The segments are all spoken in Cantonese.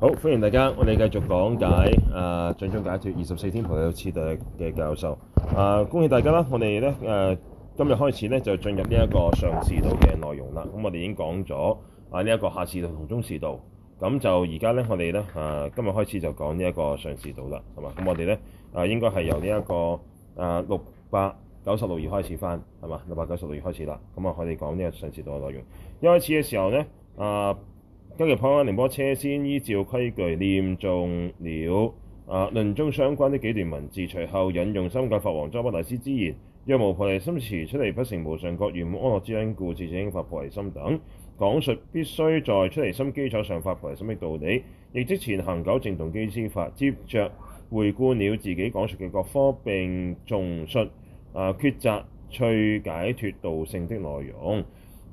好，歡迎大家，我哋繼續講解啊，掌、呃、中解脫二十四天菩提次第嘅教授。啊、呃，恭喜大家啦！我哋咧，誒、呃，今日開始咧就進入呢一個上士道嘅內容啦。咁、嗯、我哋已經講咗啊，呢、呃、一、這個下士道同中士道，咁就而家咧，我哋咧啊，今日開始就講呢一個上士道啦，係嘛？咁我哋咧啊，應該係由呢、這、一個啊六百九十六頁開始翻，係嘛？六百九十六頁開始啦，咁、嗯、啊，我哋講呢個上士道嘅內容。一開始嘅時候咧，啊、呃。今日帕繃喀仁波切先依照規矩念誦了啊論中相關的幾段文字，隨後引用三界法王宗喀巴大師之言：若無菩提心攝持，出離不成無上覺；原本安樂之恩故，故智者應發菩提心等，講述必須在出離心基礎上發菩提心的道理。亦即前行糾正動機之法，接着回顧了自己講述嘅各科，並重述啊抉擇趣解脫道性的內容。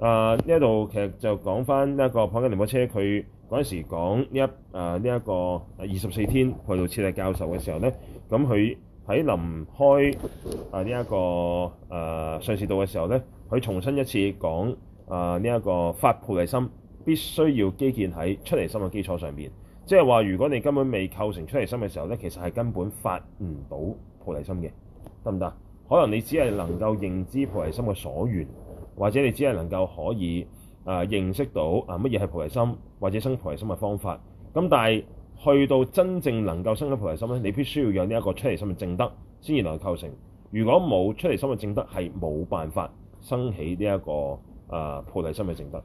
啊！呢一度其實就講翻呢一個帕繃喀仁波切，佢嗰陣時講呢一啊呢一個二十四天菩提道次第教授嘅時候咧，咁佢喺臨開、呢個、啊呢一個啊上士道嘅時候咧，佢重新一次講啊呢一個發菩提心必須要基建喺出離心嘅基礎上邊，即係話如果你根本未構成出離心嘅時候咧，其實係根本發唔到菩提心嘅，得唔得？可能你只係能夠認知菩提心嘅所緣。或者你只係能夠可以啊、呃，認識到啊乜嘢係菩提心，或者生菩提心嘅方法。咁但係去到真正能夠生得菩提心咧，你必須要有呢一個出離心嘅證德，先至能夠構成。如果冇出離心嘅證德，係冇辦法生起呢、這、一個啊、呃、菩提心嘅證德。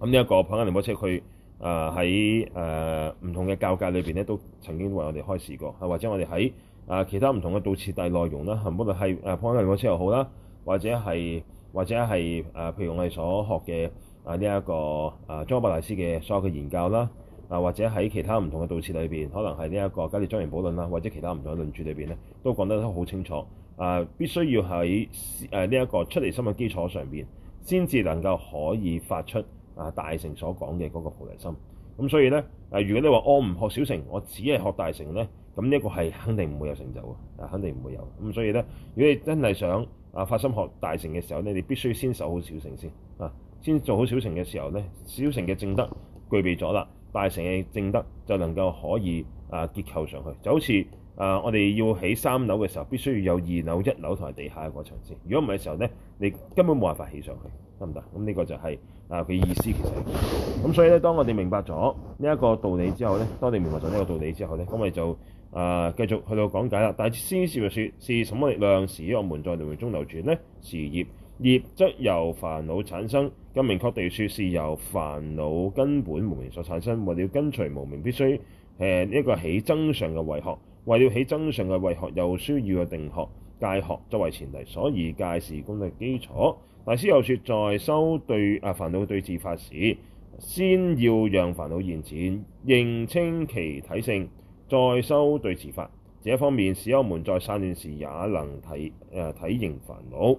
咁呢一個帕繃喀仁波切佢啊喺誒唔同嘅教界裏邊咧，都曾經為我哋開示過，或者我哋喺啊其他唔同嘅道次第內容啦，無論係誒帕繃喀仁波切又好啦，或者係。或者係誒，譬如我哋所學嘅啊呢一個啊，宗喀巴大師嘅所有嘅研究啦，啊或者喺其他唔同嘅道次裏邊，可能係呢一個解脫莊嚴寶論啦，或者其他唔同嘅論著裏邊咧，都講得都好清楚。啊，必須要喺誒呢一個出離心嘅基礎上邊，先至能夠可以發出啊大乘所講嘅嗰個菩提心。咁所以咧，誒、啊、如果你話我唔學小乘，我只係學大乘咧，咁呢一個係肯定唔會有成就啊，肯定唔會有。咁所以咧，如果你真係想，啊，發心學大乘嘅時候咧，你必須先守好小乘先啊，先做好小乘嘅時候咧，小乘嘅正德具備咗啦，大乘嘅正德就能夠可以啊結構上去，就好似啊我哋要起三樓嘅時候，必須要有二樓、一樓同埋地下嘅過程先，如果唔係嘅時候咧，你根本冇辦法起上去，得唔得？咁呢個就係、是、啊佢意思其實咁，所以咧，當我哋明白咗呢一個道理之後咧，當你明白咗呢個道理之後咧，咁我哋就。啊，繼續去到講解啦。大師接著説：是什麼力量使我們在輪迴中流轉呢？是業，業則由煩惱產生。更明確地説，是由煩惱根本無明所產生。為了根除無明，必須誒、呃、一個起增上嘅慧學。為了起增上嘅慧學，又需要定學、戒學作為前提，所以戒是功德嘅基礎。大師又説，在修對啊煩惱對治法時，先要讓煩惱現前，認清其體性。再修對治法，這一方面，使我們在散亂時也能體誒體認煩惱。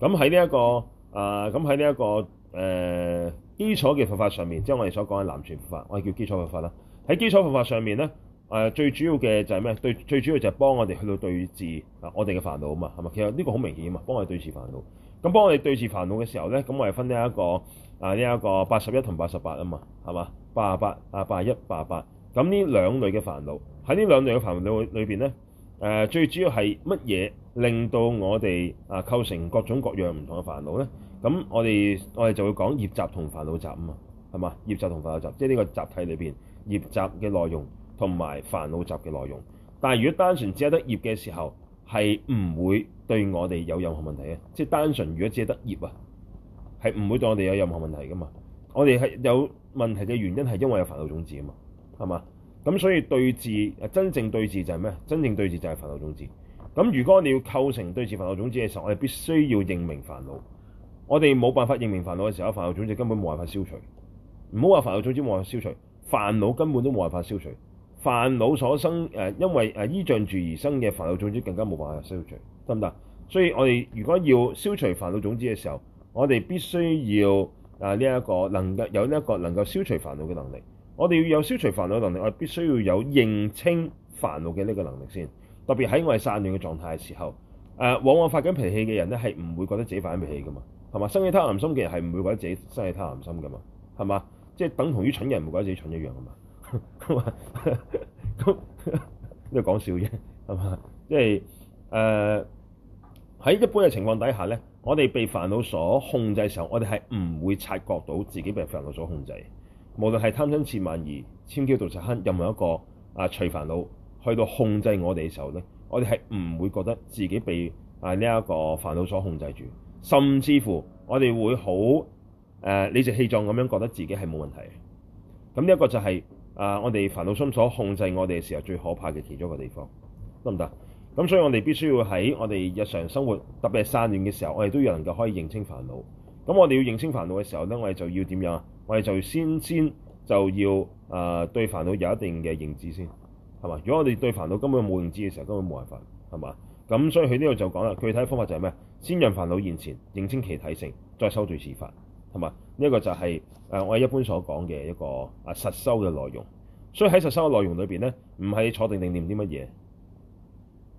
咁喺呢一個啊，咁喺呢一個誒、呃、基礎嘅佛法上面，即、就、係、是、我哋所講嘅南傳佛法，我哋叫基礎佛法啦。喺基礎佛法上面咧，誒、呃、最主要嘅就係咩？對最主要就係幫我哋去到對治啊，我哋嘅煩惱啊嘛，係嘛？其實呢個好明顯啊嘛，幫我哋對治煩惱。咁幫我哋對治煩惱嘅時候咧，咁我哋分呢、這、一個啊，呢、呃、一、這個八十一同八十八啊嘛，係嘛？八啊八啊，八一八八。咁呢兩類嘅煩惱，喺呢兩類嘅煩惱裏邊咧，誒、呃、最主要係乜嘢令到我哋啊構成各種各樣唔同嘅煩惱咧？咁我哋我哋就會講業集同煩惱集啊嘛，係嘛？業集同煩惱集，即係呢個集體裏邊業集嘅內容同埋煩惱集嘅內容。但係如果單純只係得業嘅時候，係唔會對我哋有任何問題嘅。即係單純如果只係得業啊，係唔會對我哋有任何問題噶嘛。我哋係有問題嘅原因係因為有煩惱種子啊嘛。係嘛？咁所以對治，啊，真正對治就係咩？真正對治就係煩惱種子。咁如果你要構成對治煩惱種子嘅時候，我哋必須要認明煩惱。我哋冇辦法認明煩惱嘅時候，煩惱種子根本冇辦法消除。唔好話煩惱種子冇辦法消除，煩惱根本都冇辦法消除。煩惱所生誒，因為誒依仗住而生嘅煩惱種子，更加冇辦法消除，得唔得？所以我哋如果要消除煩惱種子嘅時候，我哋必須要啊呢一個能夠有呢一個能夠消除煩惱嘅能力。我哋要有消除煩惱能力，我哋必須要有認清煩惱嘅呢個能力先。特別喺我哋散亂嘅狀態嘅時候，誒、呃、往往發緊脾氣嘅人咧，係唔會覺得自己發緊脾氣噶嘛，係嘛？生氣貪婪心嘅人係唔會覺得自己生氣貪婪心噶嘛，係嘛？即係等同於蠢人唔會覺得自己蠢一樣噶嘛。咁啊，咁都係講笑啫，係嘛？即係誒喺一般嘅情況底下咧，我哋被煩惱所控制嘅時候，我哋係唔會察覺到自己被煩惱所控制。無論係貪嗔癡慢疑，千嬌度嗔恨，任何一個啊隨煩惱去到控制我哋嘅時候呢，我哋係唔會覺得自己被啊呢一，這個煩惱所控制住，甚至乎我哋會好理，啊、直氣壯咁樣覺得自己係冇問題。咁呢一個就係、是、啊我哋煩惱心所控制我哋嘅時候最可怕嘅其中一個地方，得唔得？咁所以我哋必須要喺我哋日常生活，特別係散亂嘅時候，我哋都要能夠可以認清煩惱。咁我哋要認清煩惱嘅時候呢，我哋就要點樣？我哋就先先就要啊、呃，對煩惱有一定嘅認知先，係嘛？如果我哋對煩惱根本冇認知嘅時候，根本冇辦法，係嘛？咁所以佢呢度就講啦，具體方法就係咩？先讓煩惱現前，認清其體性，再修對治法，係嘛？呢、這、一個就係、是、誒、呃、我哋一般所講嘅一個啊實修嘅內容。所以喺實修嘅內容裏邊咧，唔係坐定定念啲乜嘢，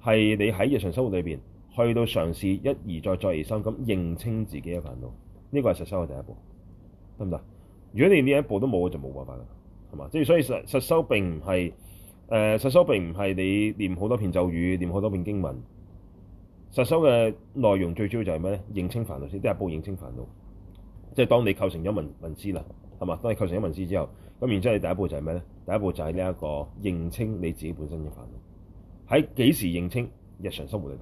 係你喺日常生活裏邊去到嘗試一而再再而三咁認清自己嘅煩惱，呢、這個係實修嘅第一步，得唔得？如果你連呢一步都冇，就冇辦法啦，係嘛？即係所以實修、呃、實修並唔係誒實修並唔係你念好多遍咒語，念好多遍經文。實修嘅內容最主要就係咩咧？認清煩惱先，第一步認清煩惱，即係當你構成咗聞聞思啦，係嘛？當你構成咗聞思之後，咁然之後你第一步就係咩咧？第一步就係呢一個認清你自己本身嘅煩惱。喺幾時認清日常生活裏邊？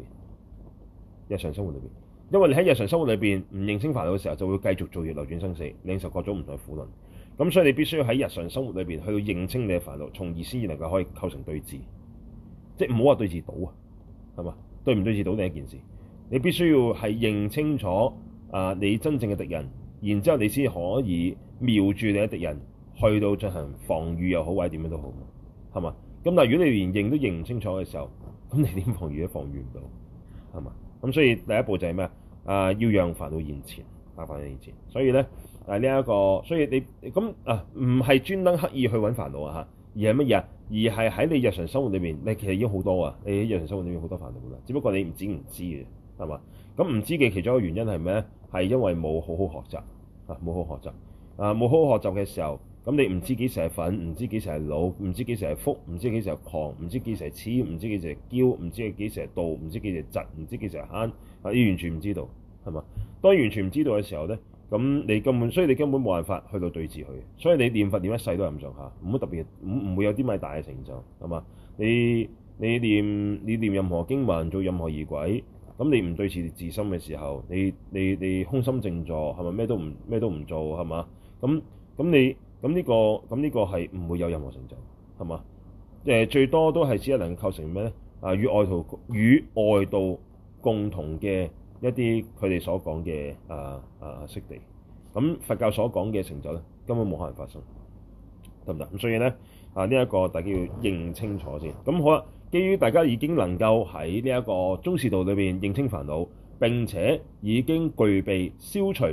日常生活裏邊？因為你喺日常生活裏邊唔認清煩惱嘅時候，就會繼續做嘢，流轉生死，領受各種唔同嘅苦輪。咁所以你必須要喺日常生活裏邊去到認清你嘅煩惱，從而先至能夠可以構成對治。即係唔好話對治到啊，係嘛？對唔對治到呢一件事，你必須要係認清，清楚啊、呃，你真正嘅敵人，然之後你先可以瞄住你嘅敵人去到進行防禦又好，或者點樣都好，係嘛？咁但係如果你連認都認唔清楚嘅時候，咁你點防禦都防禦唔到，係嘛？咁所以第一步就係咩啊？要讓煩惱到現前，煩惱現前。所以咧，誒呢一個，所以你咁啊，唔係專登刻意去揾煩惱啊嚇，而係乜嘢啊？而係喺你日常生活裏面，你其實已經好多啊，你喺日常生活裏面好多煩惱噶啦。只不過你唔知唔知嘅，係嘛？咁唔知嘅其中一個原因係咩咧？係因為冇好好學習啊，冇好學習啊，冇好好學習嘅、啊、時候。咁你唔知幾時係憤，唔知幾時係老，唔知幾時係福，唔知幾時係狂，唔知幾時係痴，唔知幾時係嬌，唔知係幾時係妒，唔知幾時係窒，唔知幾時係慳啊！你完全唔知道係嘛？當你完全唔知道嘅時候咧，咁你根本所以你根本冇辦法去到對治佢。所以你念佛念一世都係咁上下，唔會特別唔唔會有啲咩大嘅成就係嘛？你你念你念任何經文做任何儀軌，咁你唔對治你自心嘅時候，你你你，你空心靜坐係咪咩都唔咩都唔做係嘛？咁咁你。咁呢、這個咁呢、這個係唔會有任何成就，係嘛？誒最多都係只係能夠構成咩咧？啊，與外道與外道共同嘅一啲佢哋所講嘅啊啊色地。咁、嗯、佛教所講嘅成就咧，根本冇可能發生，得唔得？咁所以咧啊，呢、這、一個大家要認清楚先。咁、嗯、好啦、啊，基於大家已經能夠喺呢一個中士道裏邊認清煩惱，並且已經具備消除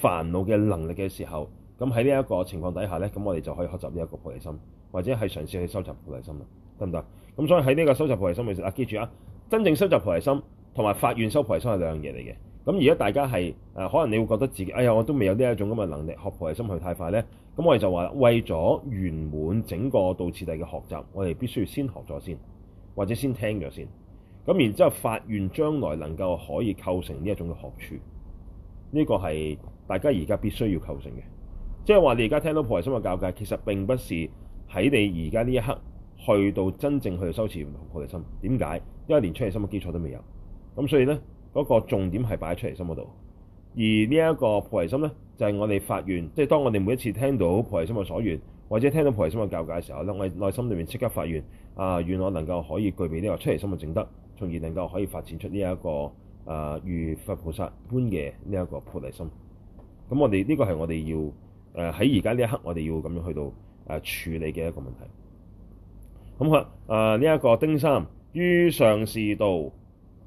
煩惱嘅能力嘅時候。咁喺呢一個情況底下呢，咁我哋就可以學習呢一個菩提心，或者係嘗試去收集菩提心啦，得唔得？咁所以喺呢個收集菩提心嘅時候，記住啊，真正收集菩提心同埋發願收菩提心係兩樣嘢嚟嘅。咁而家大家係誒，可能你會覺得自己哎呀，我都未有呢一種咁嘅能力學菩提心去太快呢。咁我哋就話為咗圓滿整個道次第嘅學習，我哋必須要先學咗先，或者先聽咗先。咁然之後，發願將來能夠可以構成呢一種嘅學處，呢個係大家而家必須要構成嘅。即係話，你而家聽到菩提心嘅教誡，其實並不是喺你而家呢一刻去到真正去到修持唔同菩提心。點解？因為連出離心嘅基礎都未有，咁所以呢，嗰、那個重點係擺喺出離心嗰度。而呢一個菩提心呢，就係、是、我哋發願，即係當我哋每一次聽到菩提心嘅所願，或者聽到菩提心嘅教誡嘅時候咧，我哋內心裡面即刻發願啊，願我能夠可以具備呢個出離心嘅證德，從而能夠可以發展出呢、這、一個啊如佛菩薩般嘅呢一個菩提心。咁我哋呢個係我哋要。誒喺而家呢一刻，我哋要咁樣去到誒、呃、處理嘅一個問題。咁、嗯、啊，啊呢一個丁三於上士道，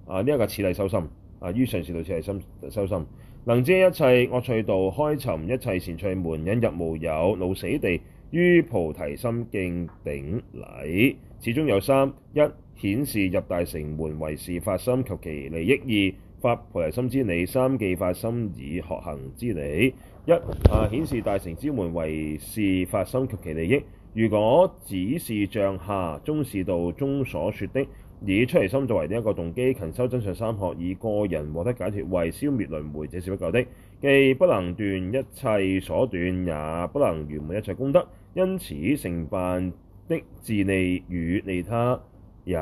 啊呢一個次第修心，啊、呃、於上士道次第修修心，能知一切惡趣道開闢一切善趣門，引入無有老死地。於菩提心敬頂禮，此中有三：一顯示入大乘門惟是發心及其利益二發菩提心之理三既發心已學行之理。一啊，顯示大乘之門惟是發心及其利益。如果只是像下中士道中所說的，以出離心作為一個動機，勤修增上三學，以個人獲得解脫位、消滅輪迴，這是不夠的，既不能斷一切所斷，也不能圓滿一切功德，因此成辦的自利與利他也，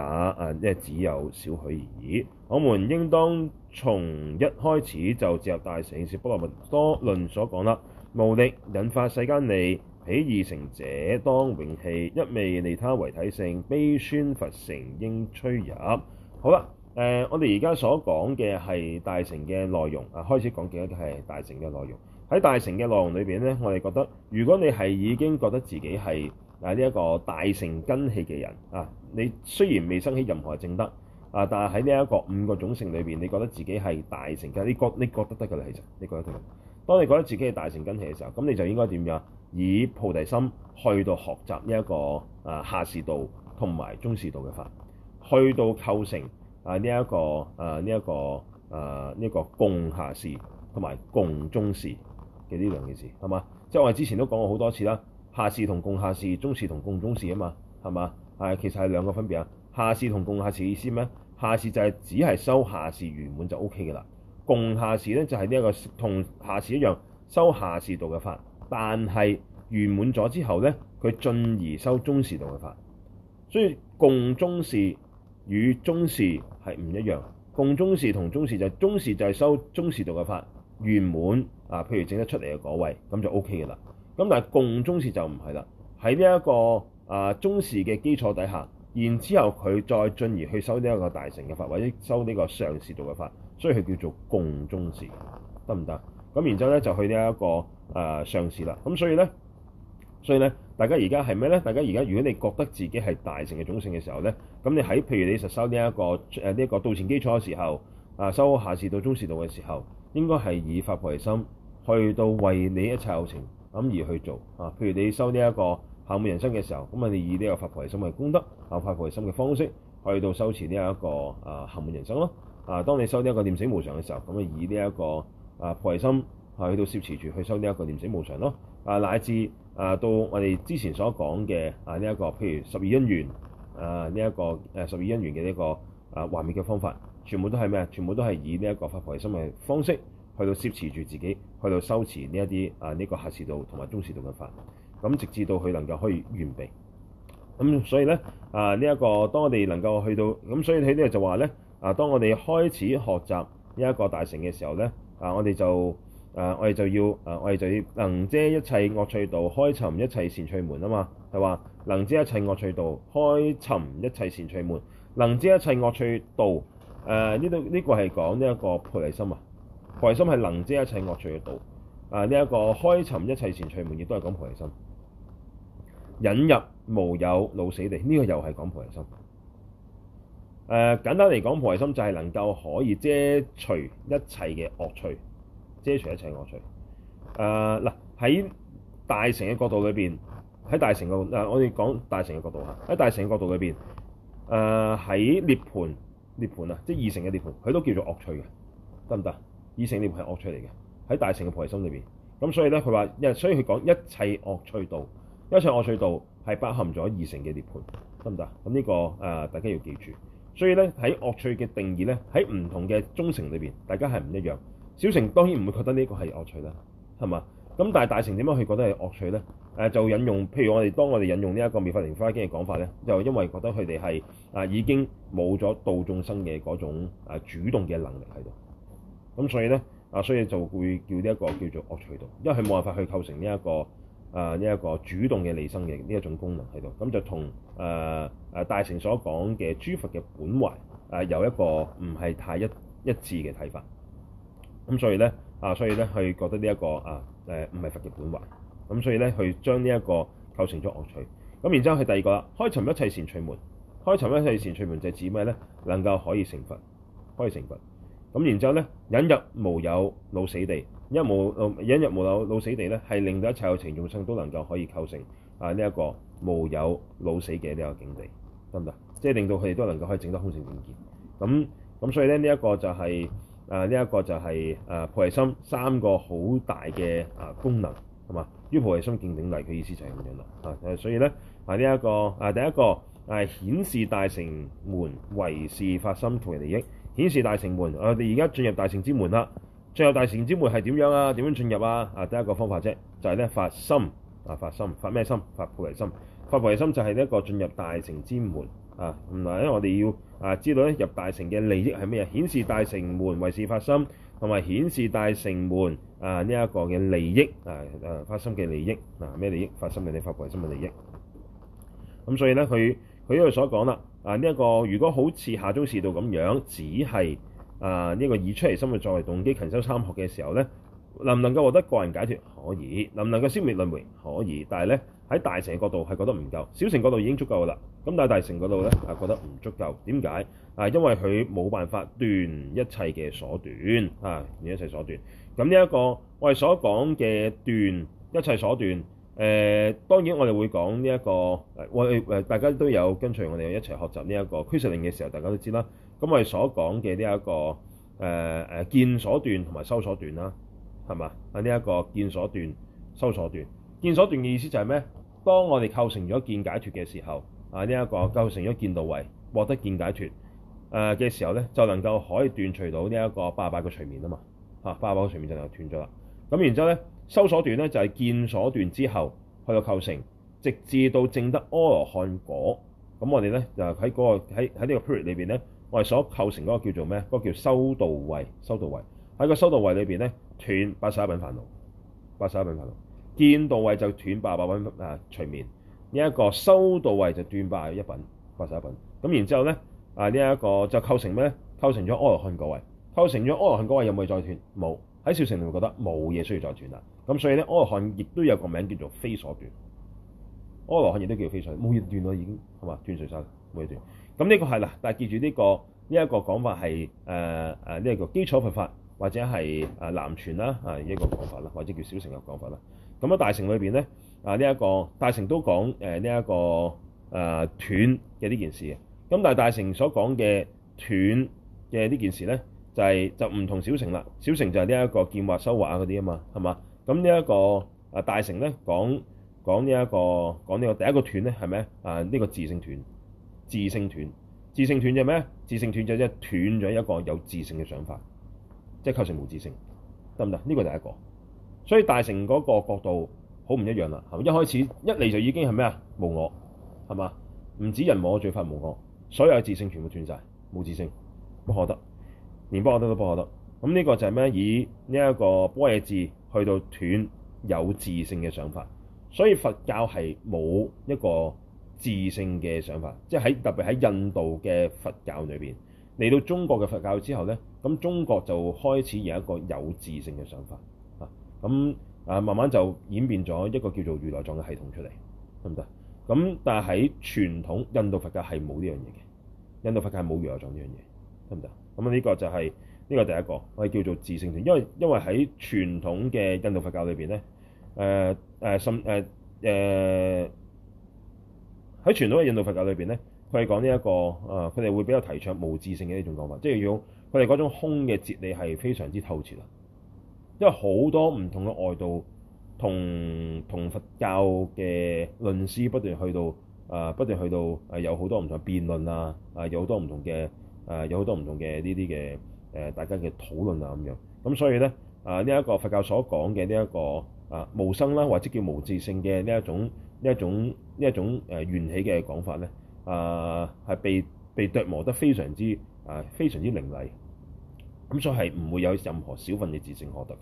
也只有少許而已。我們應當。從一開始就直入大乘，是攝波羅蜜多論所講啦。無力引發世間利，彼二乘者當永棄，一味利他為體性，悲宣佛乘應趣入。好啦，誒、呃，我哋而家所講嘅係大乘嘅內容啊，開始講嘅係大乘嘅內容。喺大乘嘅內容裏邊呢，我哋覺得，如果你係已經覺得自己係嗱呢一個大乘根器嘅人啊，你雖然未生起任何正德。啊！但係喺呢一個五個種姓裏邊，你覺得自己係大乘根，你覺你覺得得㗎啦，其實你覺得得。當你覺得自己係大乘根器嘅時候，咁你就應該點樣？以菩提心去到學習呢一個啊下士道同埋中士道嘅法，去到構成啊呢一個啊呢一個啊呢、呢個呢個共下士同埋共中士嘅呢兩件事，係嘛？即係我哋之前都講過好多次啦，下士同共下士，中士同共中士啊嘛，係嘛？係其實係兩個分別啊。下士同共下士意思咩？下士就係只係修下士圓滿就 O K 嘅啦。共下士咧就係呢一個同下士一樣修下士道嘅法，但係圓滿咗之後咧，佢進而修中士道嘅法。所以共中士與中士係唔一樣。共中士同中士就係、中士就係修中士道嘅法圓滿啊，譬如整得出嚟嘅嗰位咁就 O K 嘅啦。咁但係共中士就唔係啦，喺呢一個啊中士嘅基礎底下。然之後佢再進而去修呢一個大乘嘅法，或者修呢個上士道嘅法，所以佢叫做共中士，得唔得？咁然之後咧就去呢、這、一個誒、呃、上士啦。咁所以呢，所以呢，大家而家係咩呢？大家而家如果你覺得自己係大乘嘅種性嘅時候呢，咁你喺譬如你實修呢、這、一個誒呢一個道前基礎嘅時候，啊修下士道、中士道嘅時候，應該係以法為心，去到為你一切有情咁而去做啊。譬如你修呢一個。暇滿人生嘅時候，咁啊，以呢個發菩提心嘅功德啊，發菩提心嘅方式去到修持呢一個啊，暇滿人生咯。啊，當你修呢一個念死無常嘅時候，咁啊，以呢一個啊菩提心啊，去到攝持住去修呢一個念死無常咯。啊，乃至啊，到我哋之前所講嘅啊呢一個，譬如十二因緣啊呢一個誒、啊、十二因緣嘅呢個啊幻滅嘅方法，全部都係咩啊？全部都係以呢一個發菩提心嘅方式去到攝持住自己，去到修持呢一啲啊呢個下士道同埋中士道嘅法。咁直至到佢能夠可以完備，咁所以咧啊呢一個當我哋能夠去到咁，所以佢啲、啊這個啊、就話咧啊，當我哋開始學習呢一個大乘嘅時候咧啊，我哋就誒、啊、我哋就要誒、啊、我哋就要、啊就要，啊就要啊、能遮一切惡趣道，開尋一切善趣門啊嘛係話能遮一切惡趣道，開尋一切善趣門，啊、能遮一切惡趣道誒呢度呢個係講呢一個菩提心啊，菩、這、提、個這個、心係能遮一切惡趣嘅道啊呢一、這個開尋一切善趣門亦都係講菩提心。引入無有老死地，呢、這個又係講菩提心。誒、呃，簡單嚟講，菩提心就係能夠可以遮除一切嘅惡趣，遮除一切惡趣。誒、呃、嗱，喺大乘嘅角度裏邊，喺大乘嘅誒、呃，我哋講大乘嘅角度嚇，喺大乘嘅角度裏邊，誒、呃、喺涅槃涅槃啊，即係二乘嘅涅槃，佢都叫做惡趣嘅，得唔得？二乘涅槃係惡趣嚟嘅，喺大乘嘅菩提心裏邊。咁所以咧，佢話，因所以佢講一切惡趣度。一切惡趣道係包含咗二乘嘅涅槃，得唔得？咁、這、呢個誒、呃、大家要記住。所以咧喺惡趣嘅定義咧，喺唔同嘅宗乘裏邊，大家係唔一樣。小乘當然唔會覺得呢個係惡趣啦，係嘛？咁但係大乘點解佢覺得係惡趣咧？誒、呃、就引用，譬如我哋當我哋引用呢、這、一個妙法蓮華經嘅講法咧，就因為覺得佢哋係啊已經冇咗度眾生嘅嗰種主動嘅能力喺度。咁所以咧啊、呃，所以就會叫呢、這、一個叫做惡趣道，因為佢冇辦法去構成呢、這、一個。誒呢一個主動嘅利生嘅呢一種功能喺度，咁就同誒誒大乘所講嘅諸佛嘅本懷誒、呃、有一個唔係太一一致嘅睇法，咁所以咧啊，所以咧佢覺得呢、這、一個啊誒唔係佛嘅本懷，咁所以咧佢將呢一個構成咗惡趣，咁然之後係第二個啦，開尋一切善趣門，開尋一切善趣門就係指咩咧？能夠可以成佛，可以成佛，咁然之後咧引入無有老死地。因無因入無有老死地咧，係令到一切有情眾生都能夠可以構成啊呢一、這個無有老死嘅呢個境地，得唔得？即係令到佢哋都能夠可以整得空城永劫。咁、嗯、咁、嗯、所以咧，呢一個就係、是、啊呢一個就係啊菩提心三個好大嘅啊功能係嘛？於菩提心敬頂禮佢意思就係咁樣啦。啊，所以咧啊呢一、啊這個啊第一個係、啊、顯示大乘門惟是發心，同人利益，顯示大乘門、啊啊、我哋而家進入大乘之門啦。啊啊啊啊最後大乘之門係點樣啊？點樣進入啊？啊，第一個方法啫，就係咧發心啊，發心發咩心？發菩提心。發菩提心就係呢一個進入大乘之門啊。咁嗱，因為我哋要啊知道咧入大乘嘅利益係咩啊？顯示大乘門惟是發心，同埋顯示大乘門啊呢一、這個嘅利益啊啊發心嘅利益啊咩利益？發心嘅你發菩提心嘅利益。咁、啊、所以咧，佢佢呢度所講啦，啊呢一、這個如果好似下中士道咁樣，只係啊！呢、這個以出離心為作為動機勤修三學嘅時候呢，能唔能夠獲得個人解脫可以，能唔能夠消滅輪迴可以，但係呢，喺大乘角度係覺得唔夠，小乘角度已經足夠啦。咁但係大乘嗰度呢，係、啊、覺得唔足夠，點解？啊，因為佢冇辦法斷一切嘅所啊斷啊，一切所斷。咁呢一個我哋所講嘅斷一切所斷，誒當然我哋會講呢一個我哋大家都有跟隨我哋一齊學習呢一個俱舍論嘅時候，大家都知啦。咁我哋所講嘅呢一個誒誒、呃、見所斷同埋修所斷啦，係嘛？喺呢一個見所斷、修所斷，見所斷嘅意思就係咩？當我哋構成咗見解脱嘅時候，啊呢一、這個構成咗見道位，獲得見解脱誒嘅、呃、時候咧，就能夠可以斷除到呢一個八啊八個隨眠啊嘛，嚇八啊八個隨眠就能斷咗啦。咁然後呢呢、就是、之後咧，修所斷咧就係見所斷之後去到構成，直至到證得阿羅漢果。咁我哋咧就喺嗰、那個喺喺呢個 period 裏邊咧。我哋所構成嗰個叫做咩？嗰個叫修道位，修道位喺個修道位裏邊咧斷八十一品煩惱，八十一品煩惱見道位就斷八十八品啊隨眠呢一個修道位就斷八十一品，八十一品咁然之後咧啊呢一、這個就構成咩咧？構成咗阿羅漢嗰位，構成咗阿羅漢嗰位有冇再斷？冇喺小乘度覺得冇嘢需要再斷啦。咁所以咧阿羅漢亦都有個名叫做非所斷，阿羅漢亦都叫非所斷，冇嘢斷啦已經，係嘛斷曬冇嘢斷。咁呢個係啦，但係記住呢、這個呢一、這個講法係誒誒呢一個基礎佛法，或者係誒南傳啦啊一、這個講法啦，或者叫小乘嘅講法啦。咁、嗯、喺大乘裏邊咧啊呢一、這個大乘都講誒呢一個誒斷嘅呢件事。咁但係大乘所講嘅斷嘅呢件事咧，就係、是、就唔同小乘啦。小乘就係呢一個見惑修惑嗰啲啊嘛，係嘛？咁呢一個啊大乘咧講講呢一、這個講呢、這個講、這個、第一個斷咧係咩？啊？呢、這個自性斷。自性斷，自性斷就咩？自性斷就即係斷咗一個有自性嘅想法，即係構成冇自性，得唔得？呢個第一個，所以大乘嗰個角度好唔一樣啦，係咪？一開始一嚟就已經係咩啊？無我係嘛？唔止人冇我罪法，無我，所有嘅自性全部斷晒，冇自性，不可得，連不可得都不可得。咁呢個就係咩？以呢一個般若智去到斷有自性嘅想法，所以佛教係冇一個。自性嘅想法，即係喺特別喺印度嘅佛教裏邊，嚟到中國嘅佛教之後呢，咁中國就開始有一個有自性嘅想法啊，咁啊慢慢就演變咗一個叫做如來藏嘅系統出嚟，得唔得？咁但係喺傳統印度佛教係冇呢樣嘢嘅，印度佛教係冇如來藏呢樣嘢，得唔得？咁呢個就係、是、呢、這個第一個，我哋叫做自性性，因為因為喺傳統嘅印度佛教裏邊呢。誒、呃、誒、呃、甚誒誒。呃呃呃喺傳統嘅印度佛教裏邊咧，佢係講呢一個啊，佢哋會比較提倡無自性嘅呢種講法，即係要佢哋嗰種空嘅哲理係非常之透徹啊！因為好多唔同嘅外道同同佛教嘅論師不斷去到啊，不斷去到啊，有好多唔同嘅辯論啊，啊，有好多唔同嘅啊，有好多唔同嘅呢啲嘅誒，大家嘅討論啊咁樣。咁所以咧啊，呢一個佛教所講嘅呢一個啊無生啦，或者叫無自性嘅呢一種。呢一種呢一種誒緣起嘅講法咧，啊、呃、係被被琢磨得非常之啊、呃、非常之凌厲，咁所以係唔會有任何小份嘅自性可得嘅。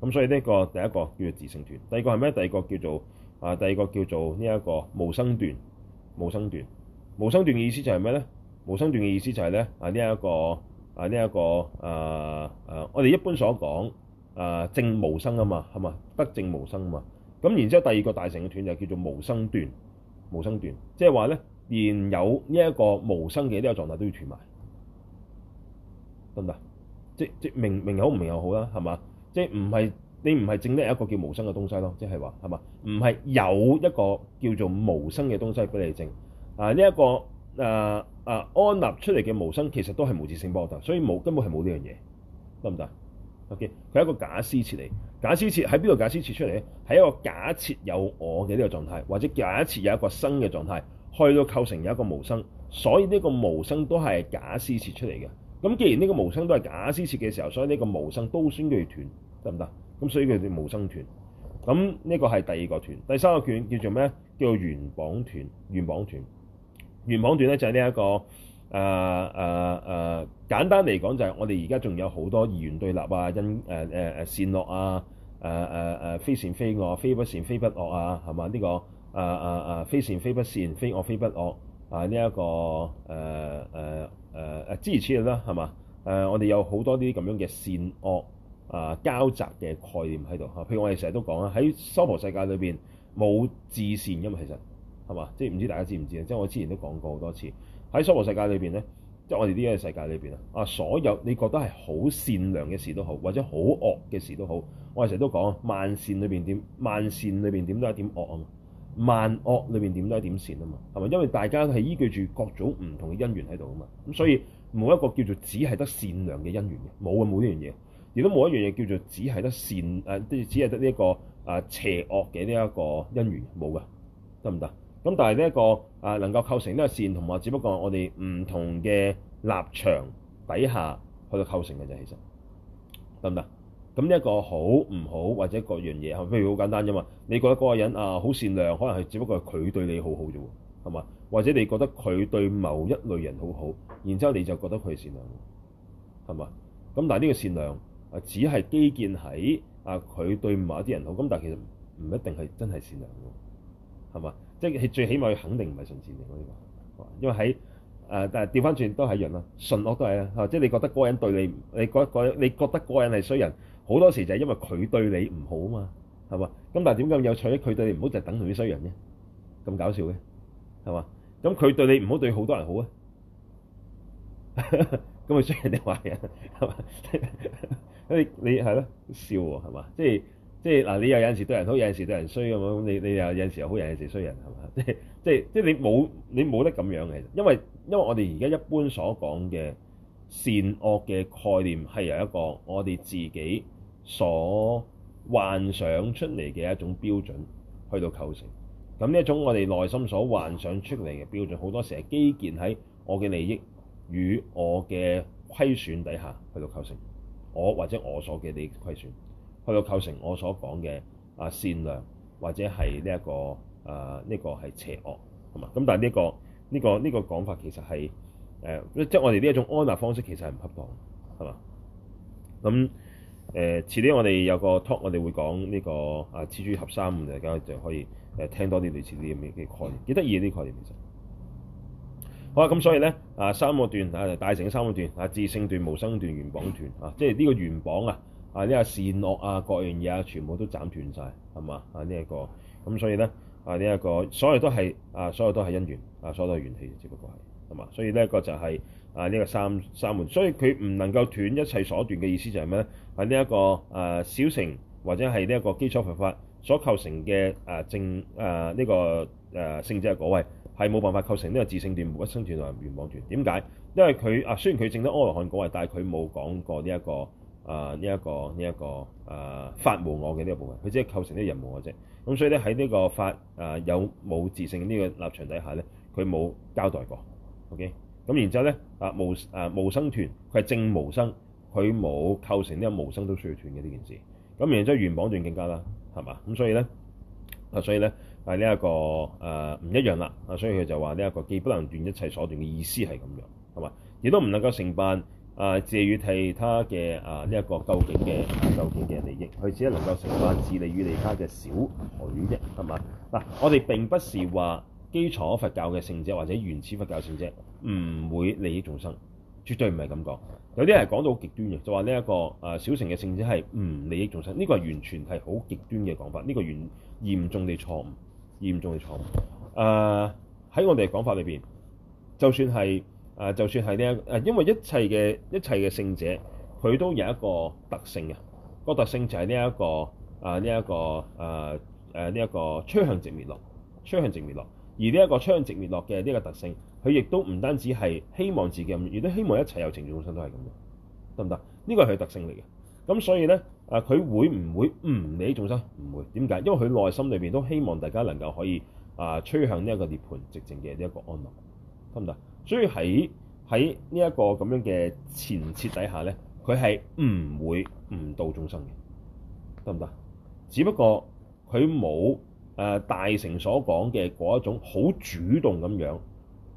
咁所以呢一個第一個叫做自性斷，第二個係咩？第二個叫做啊、呃、第二個叫做呢一個無生斷，無生斷，無生斷嘅意思就係咩咧？無生斷嘅意思就係咧、這個、啊呢一、這個、呃、啊呢一個啊啊我哋一般所講啊、呃、正無生啊嘛，係嘛？得正無生啊嘛。咁然之後，第二個大乘嘅斷就叫做無生斷，無生斷，即係話咧，連有呢一個無生嘅呢個狀態都要斷埋，得唔得？即即明明，明好唔明又好啦，係嘛？即唔係你唔係整得一個叫無生嘅東西咯，即係話係嘛？唔係有一個叫做無生嘅東西俾你整。啊？呢、這、一個啊啊安立出嚟嘅無生其實都係無自性波特，所以冇根本係冇呢樣嘢，得唔得？OK，佢一個假思設嚟，假思設喺邊度假思設出嚟咧？喺一個假設有我嘅呢個狀態，或者假設有一個新嘅狀態去到構成有一個無生，所以呢個無生都係假思設出嚟嘅。咁既然呢個無生都係假思設嘅時候，所以呢個無生都先佢斷，得唔得？咁所以佢叫無生斷。咁呢個係第二個斷，第三個斷叫做咩？叫做圓綁斷，圓綁斷，圓綁斷咧就係呢一個。啊啊啊！Uh, uh, uh, 簡單嚟講，就係我哋而家仲有好多二元對立啊，因誒誒誒善惡啊，誒誒誒非善非惡，非不善非不惡啊，係嘛？呢、這個啊啊啊非善非不善，非惡非不惡啊，呢、這、一個誒誒誒諸如此類啦，係、uh, 嘛、uh, uh,？誒、uh, 我哋有好多啲咁樣嘅善惡啊、uh, 交集嘅概念喺度嚇。譬如我哋成日都講啊，喺娑婆世界裏邊冇至善噶嘛，其實係嘛？即係唔知大家知唔知啊？即係我之前都講過好多次。喺娑婆世界裏邊咧，即係我哋呢個世界裏邊啊，啊所有你覺得係好善良嘅事都好，或者好惡嘅事都好，我成日都講萬善裏邊點，萬善裏邊點都係一點惡啊嘛，萬惡裏邊點都係一點善啊嘛，係咪？因為大家係依據住各種唔同嘅因緣喺度啊嘛，咁所以冇一個叫做只係得善良嘅因緣嘅，冇嘅，冇呢樣嘢，亦都冇一樣嘢叫做只係得善誒，即、呃、係只係得呢、這、一個啊、呃、邪惡嘅呢一個因緣，冇噶，得唔得？咁但係呢一個。啊，能夠構成呢個善同埋，只不過我哋唔同嘅立場底下去到構成嘅啫，其實得唔得？咁呢一個好唔好，或者各樣嘢，譬如好簡單啫嘛。你覺得嗰個人啊好善良，可能係只不過係佢對你好好啫喎，係嘛？或者你覺得佢對某一類人好好，然之後你就覺得佢善良，係嘛？咁但係呢個善良啊，只係基建喺啊佢對某一啲人好，咁但係其實唔一定係真係善良嘅，係嘛？即係最起碼佢肯定唔係純善嘅呢個，因為喺誒，但係調翻轉都係一樣啦。純惡都係啊！即係你覺得嗰個人對你，你覺覺你覺得嗰個人係衰人，好多時就係因為佢對你唔好啊嘛，係嘛？咁但係點解咁有趣咧？佢對你唔好就等同啲衰人啫，咁搞笑嘅係嘛？咁佢對你唔好，對好多人好啊？咁咪衰人定壞人係嘛？ 你你，係咯，笑係嘛？即係。即係嗱，你又有陣時對人好，有陣時對人衰咁樣，你你又有陣時又好人， 有陣時衰人，係嘛？即係即係即係你冇你冇得咁樣嘅，因為因為我哋而家一般所講嘅善惡嘅概念係由一個我哋自己所幻想出嚟嘅一種標準去到構成。咁呢一種我哋內心所幻想出嚟嘅標準，好多時係基建喺我嘅利益與我嘅虧損底下去到構成我或者我所嘅利益虧損。去到構成我所講嘅啊善良，或者係呢一個啊呢、呃這個係邪惡，係嘛？咁但係、這、呢個呢、這個呢、這個講法其實係誒、呃，即係我哋呢一種安納方式其實係唔恰當，係嘛？咁誒遲啲我哋有個 talk，我哋會講呢個啊蜘蛛俠合三，大家就可以誒聽多啲類似啲咁嘅概念，幾得意啲概念其實。好啊，咁所以咧啊三個段啊大成三個段啊自性段、無生段、元榜段啊，即係呢個元榜啊。啊！呢、這個善惡啊，各樣嘢啊，全部都斬斷晒，係嘛？啊呢一個咁，所以咧啊呢一個，所有都係啊，所有都係因緣啊，所有都係、啊、緣起，只不過係係嘛？所以呢一個就係、是、啊呢、這個三三門，所以佢唔能夠斷一切所斷嘅意思就係咩咧？喺呢一個誒、啊、小乘，或者係呢一個基礎佛法所構成嘅誒、啊、正誒呢、啊這個誒聖者果位，係冇辦法構成呢個自性斷、無一生斷同埋滅亡斷。點解？因為佢啊，雖然佢證得阿羅漢果位，但係佢冇講過呢、這、一個。啊！呢一、呃這個呢一、這個啊、呃，法無我嘅呢個部分，佢只係構成呢個人無我啫。咁所以咧，喺呢個法啊、呃、有冇自性呢個立場底下咧，佢冇交代過。OK，咁然之後咧啊無啊無生斷，佢係正無生，佢冇構成呢個無生都需要斷嘅呢件事。咁然之後圓 b b 斷更加啦，係嘛？咁所以咧啊，所以咧係呢一、這個啊唔、呃、一樣啦。啊，所以佢就話呢一個既不能斷一切所斷嘅意思係咁樣，係嘛？亦都唔能夠成辦。啊！借與他嘅啊呢一個究竟嘅究竟嘅利益，佢只係能夠成辦自利與利他嘅小許啫，係嘛？嗱、啊，我哋並不是話基礎佛教嘅聖者或者原始佛教聖者唔會利益眾生，絕對唔係咁講。有啲人講到好極端嘅，就話呢一個啊小乘嘅聖者係唔利益眾生，呢個係完全係好極端嘅講法，呢個完嚴重地錯誤，嚴重地錯誤。誒、啊，喺我哋嘅講法裏邊，就算係。啊，就算係呢一啊，因為一切嘅一切嘅聖者，佢都有一個特性嘅、個特性就係呢一個啊呢一個啊誒呢一個趨向寂滅樂，趨向寂滅樂。而呢一個趨向寂滅樂嘅呢個特性，佢亦都唔單止係希望自己咁，亦都希望一切有情眾生都係咁嘅，得唔得？呢個係佢特性嚟嘅。咁所以咧啊，佢會唔會唔理眾生？唔會。點解？因為佢內心裏邊都希望大家能夠可以啊趨向呢一個涅槃，寂靜嘅呢一個安樂，得唔得？所以喺喺呢一個咁樣嘅前設底下咧，佢係唔會唔度眾生嘅，得唔得？只不過佢冇誒大乘所講嘅嗰一種好主動咁樣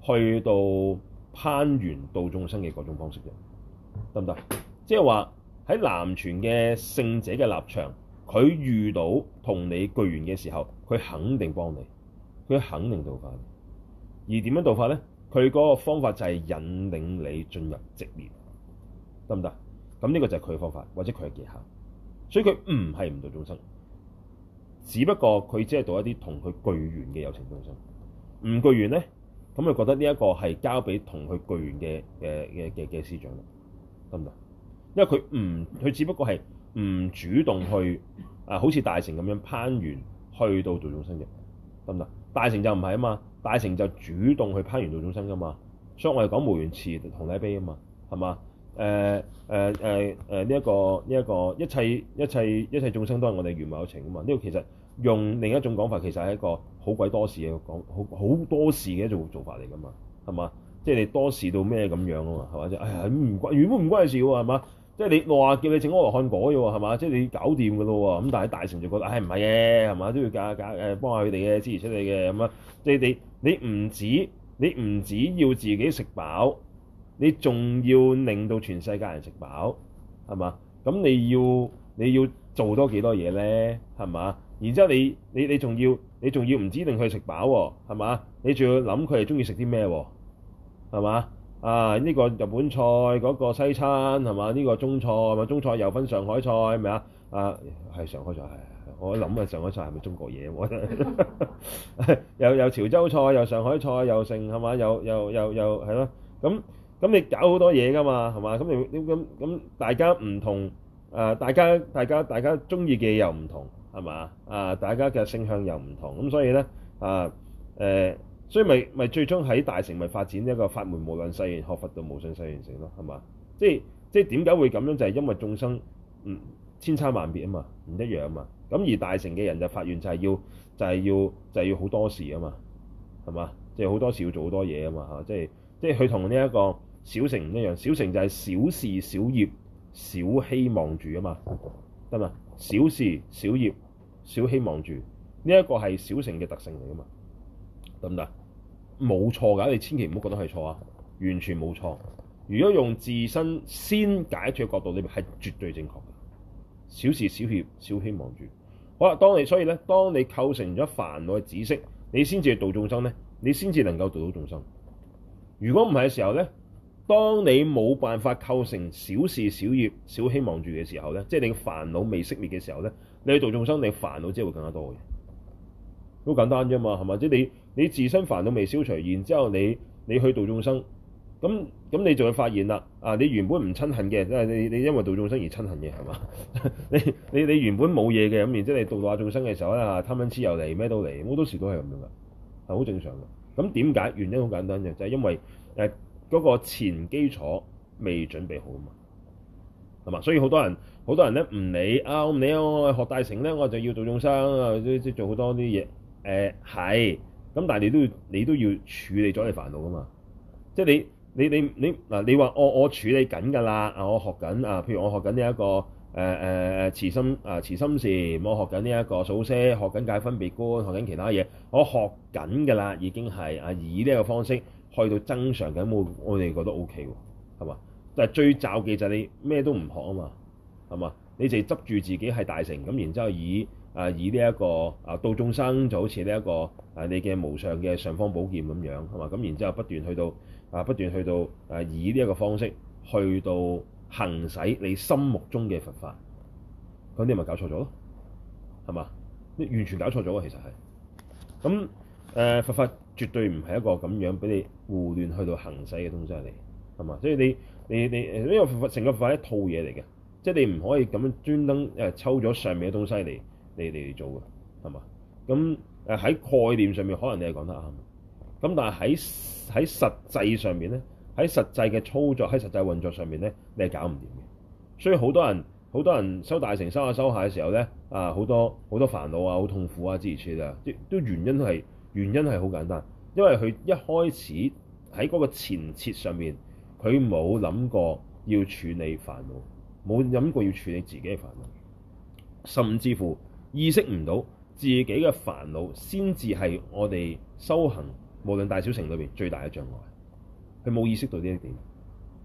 去到攀緣度眾生嘅嗰種方式嘅，得唔得？即係話喺南傳嘅聖者嘅立場，佢遇到同你具緣嘅時候，佢肯定幫你，佢肯定道法。而點樣道法咧？佢嗰個方法就係引領你進入直面，得唔得？咁呢個就係佢方法，或者佢嘅技巧。所以佢唔係唔做眾生，只不過佢只係做一啲同佢具緣嘅有情眾生。唔具緣咧，咁佢覺得呢一個係交俾同佢具緣嘅嘅嘅嘅師長，得唔得？因為佢唔，佢只不過係唔主動去啊，好似大乘咁樣攀援去到做眾生嘅，得唔得？大成就唔係啊嘛，大成就主動去攀緣度眾生噶嘛，所以我哋講無緣慈同體悲啊嘛，係嘛？誒誒誒誒呢一個呢一、這個一切一切一切眾生都係我哋緣無有情啊嘛，呢、這個其實用另一種講法其實係一個好鬼多事嘅講好好多事嘅一種做法嚟噶嘛，係嘛？即係你多事到咩咁樣啊嘛，係嘛？即係唔關原本唔關事喎、啊，係嘛？即係你話叫你整阿羅漢果啫，係嘛？即係你搞掂嘅咯喎。咁但係大成就覺得，唉，唔係嘅，係嘛？都要揀揀誒，幫下佢哋嘅支持嚟嘅咁啊。即係你你唔止你唔止要自己食飽，你仲要令到全世界人食飽，係嘛？咁你要你要做多幾多嘢咧，係嘛？然之後你你你仲要你仲要唔止令佢食飽，係嘛？你仲要諗佢哋中意食啲咩，係嘛？啊！呢、這個日本菜，嗰、那個西餐，係嘛？呢、這個中菜，咪中菜又分上海菜，咪啊？啊，係上海菜係我諗啊，上海菜係咪中國嘢喎？ 又又潮州菜，又上海菜，又剩係嘛？又又又又係咯？咁咁你搞好多嘢㗎嘛？係嘛？咁你咁咁？大家唔同啊！大家大家大家中意嘅又唔同係嘛？啊！大家嘅、啊、性向又唔同，咁所以咧啊誒。呃所以咪咪最終喺大乘咪發展一個法門，無論世緣學佛都無上世緣成咯，係嘛？即係即係點解會咁樣？就係、是、因為眾生嗯千差萬別啊嘛，唔一樣啊嘛。咁而大乘嘅人就發願就係要就係、是、要就係、是、要好多事啊嘛，係嘛？即係好多事要做好多嘢啊嘛嚇，即係即係佢同呢一個小乘唔一樣。小乘就係小事小業小希望住啊嘛，得嘛？小事小業小希望住，呢一個係小乘嘅特性嚟噶嘛。得唔得？冇錯噶，你千祈唔好覺得係錯啊，完全冇錯。如果用自身先解脱嘅角度裡面，係絕對正確嘅。小事小業小希望住，好啦。當你所以咧，當你構成咗煩惱嘅止息，你先至係度眾生咧，你先至能夠度到眾生。如果唔係嘅時候咧，當你冇辦法構成小事小業小希望住嘅時候咧，即係你煩惱未熄滅嘅時候咧，你去度眾生，你煩惱只會更加多嘅。好簡單啫嘛，係咪？即係你。你自身煩惱未消除，然之後你你去度眾生，咁咁你就會發現啦，啊你原本唔親恨嘅，即係你你因為度眾生而親恨嘅，係嘛？ 你你你原本冇嘢嘅，咁然之後你度下眾生嘅時候咧，貪嗔痴又嚟，咩都嚟，好多時都係咁樣噶，係好正常嘅。咁點解？原因好簡單嘅，就係因為誒嗰個前基礎未準備好啊嘛，係嘛？所以好多人好多人咧，唔理啊，我唔理啊，我學大成咧，我就要度眾生啊，即即做好多啲嘢，誒係。咁但係你都要你都要處理咗你煩惱噶嘛，即係你你你你嗱，你話我我處理緊㗎啦，啊我學緊啊，譬如我學緊呢一個誒誒誒慈心啊慈、呃、心時，我學緊呢一個數息，學緊界分別觀，學緊其他嘢，我學緊㗎啦，已經係啊以呢個方式去到增上緊，我我哋覺得 O K 喎，係嘛？但係最詐嘅就係你咩都唔學啊嘛，係嘛？你就執住自己係大乘咁，然之後以。這個、啊！以呢一個啊，度眾生就好似呢一個啊，你嘅無上嘅上方寶劍咁樣係嘛。咁然之後不斷去到啊，不斷去到啊，以呢一個方式去到行使你心目中嘅佛法，咁你咪搞錯咗咯，係嘛？你完全搞錯咗啊！其實係咁誒，佛法絕對唔係一個咁樣俾你胡亂去到行使嘅東西嚟，係嘛？所以你你你呢個成個佛法，個佛法一套嘢嚟嘅，即、就、係、是、你唔可以咁樣專登誒抽咗上面嘅東西嚟。你哋做嘅係嘛？咁誒喺概念上面，可能你係講得啱。咁但係喺喺實際上面咧，喺實際嘅操作、喺實際運作上面咧，你係搞唔掂嘅。所以好多人、好多人修大乘、修下修下嘅時候咧，啊好多好多煩惱啊，好痛苦啊諸如此類啊，都都原因係原因係好簡單，因為佢一開始喺嗰個前設上面，佢冇諗過要處理煩惱，冇諗過要處理自己嘅煩惱，甚至乎。意識唔到自己嘅煩惱，先至係我哋修行，無論大小城裏邊最大嘅障礙。佢冇意識到呢一點，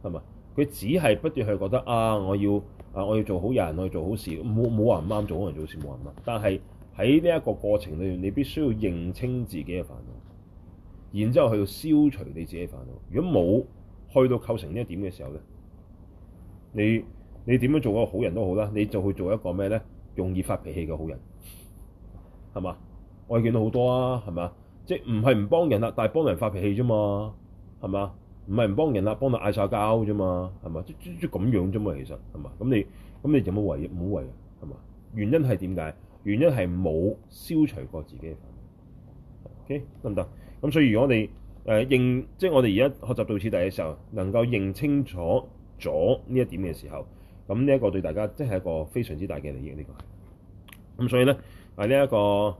係咪？佢只係不斷去覺得啊，我要啊，我要做好人，我要做好事，冇冇話唔啱做好人做好事冇話唔啱。但係喺呢一個過程裏面，你必須要認清自己嘅煩惱，然之後去到消除你自己嘅煩惱。如果冇去到構成呢一點嘅時候咧，你你點樣做一個好人都好啦，你就去做一個咩咧？容易發脾氣嘅好人，係嘛？我哋見到好多啊，係嘛？即係唔係唔幫人啦，但係幫人發脾氣啫嘛，係嘛？唔係唔幫人啦，幫人嗌曬交啫嘛，係嘛？即即咁樣啫嘛，其實係嘛？咁你咁你有冇為冇為，係嘛？原因係點解？原因係冇消除過自己。OK 得唔得？咁所以如果我哋誒認，即係我哋而家學習到次第嘅時候，能夠認清楚咗呢一點嘅時候。咁呢一個對大家即係一個非常之大嘅利益，呢、這個咁所以咧，啊呢一個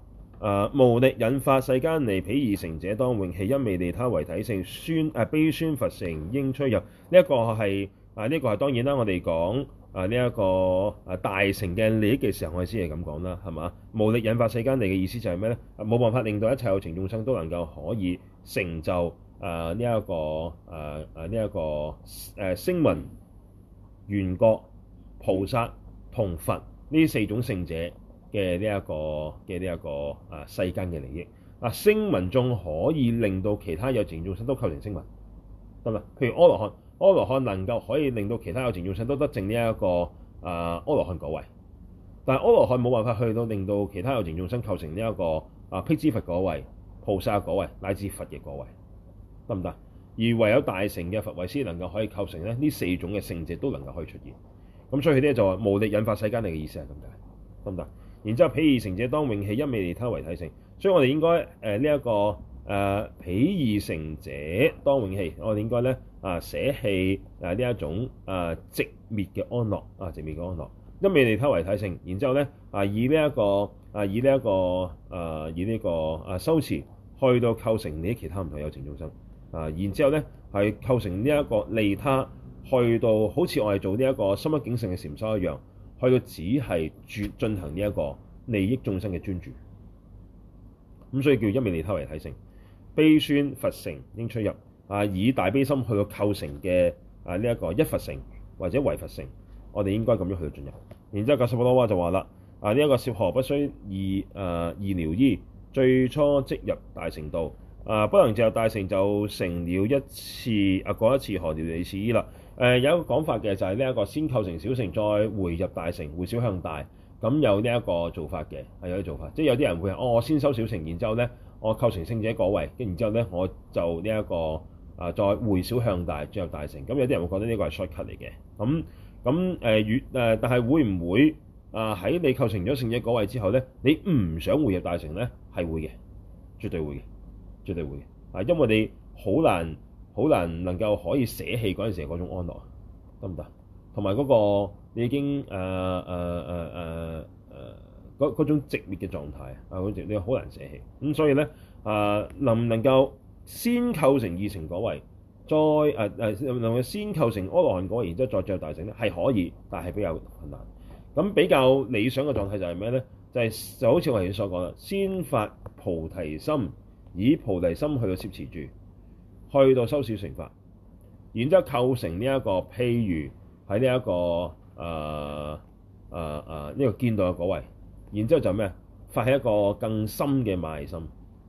誒無力引發世間利彼二乘者，當永棄一味利他為體性宣誒悲宣佛乘應趨入呢一個係啊呢個係當然啦，我哋講啊呢一個啊大乘嘅利益嘅時候，我哋先係咁講啦，係嘛？無力引發世間利嘅意思就係咩咧？冇辦法令到一切有情眾生都能夠可以成就啊呢一個誒誒呢一個誒聲聞緣覺。呃這個呃菩薩同佛呢四種聖者嘅呢一個嘅呢一個啊世間嘅利益，啊聲聞仲可以令到其他有情眾生都構成聲聞得唔得？譬如阿羅漢，阿羅漢能夠可以令到其他有情眾生都得正呢一個啊阿羅漢果位，但係阿羅漢冇辦法去到令到其他有情眾生構成呢一個啊辟支佛果位、菩薩果位乃至佛嘅果位，得唔得？而唯有大乘嘅佛位先能夠可以構成咧呢四種嘅聖者都能夠可以出現。咁所以佢啲就話無力引發世間利嘅意思係咁大。咁大然之後，彼二乘者當永棄，一味利他為體性。所以我哋應該誒呢一個誒、呃、彼二乘者當永棄，我哋應該咧啊捨棄啊呢、呃呃、一種、呃、啊寂滅嘅安樂啊寂滅嘅安樂，一味利他為體性。然之後咧啊以呢、這、一個啊、呃、以呢、這、一個啊、呃、以呢、這個啊、呃、修持去到構成你其他唔同有情眾生啊，然之後咧係構成呢一個利他。去到好似我哋做呢一個心一境性嘅禪修一樣，去到只係專進行呢一個利益眾生嘅專注，咁所以叫一味利他為體性，悲宣佛乘應趨入啊，以大悲心去到構成嘅啊呢一個一佛乘或者唯佛乘，我哋應該咁樣去到進入。然之後格西博朵瓦就話啦，啊呢一、這個涉河不需二誒二撩衣，最初即入大乘道，啊，不能進入大乘就成了一次啊，過一次河撩二次衣啦。誒、呃、有一個講法嘅就係呢一個先構成小乘再回入大乘，回小向大，咁有呢一個做法嘅係有啲做法，即係有啲人會哦，我先收小乘，然之後咧我構成聖者果位，跟然之後咧我就呢、這、一個啊再回小向大進入大乘，咁有啲人會覺得呢個係 short cut 嚟嘅，咁咁誒越誒但係會唔會啊喺你構成咗聖者果位之後咧，你唔想回入大乘咧係會嘅，絕對會嘅，絕對會嘅啊，因為你好難。好難能夠可以捨棄嗰陣時嗰種安樂啊，得唔得？同埋嗰個你已經誒誒誒誒誒嗰嗰種寂滅嘅狀態啊，好似你好難捨棄。咁所以咧誒、呃，能唔能夠先構成二乘果位，再誒誒、呃、能，能夠先構成安樂果，然之後再着大乘，咧，係可以，但係比較困難。咁比較理想嘅狀態就係咩咧？就係、是、就好似我頭先所講啦，先發菩提心，以菩提心去到攝持住。去到修小乘法，然之後構成呢、這、一個，譬如喺呢一個誒誒誒呢個見道嘅嗰位，然之後就咩啊？發起一個更深嘅賣深，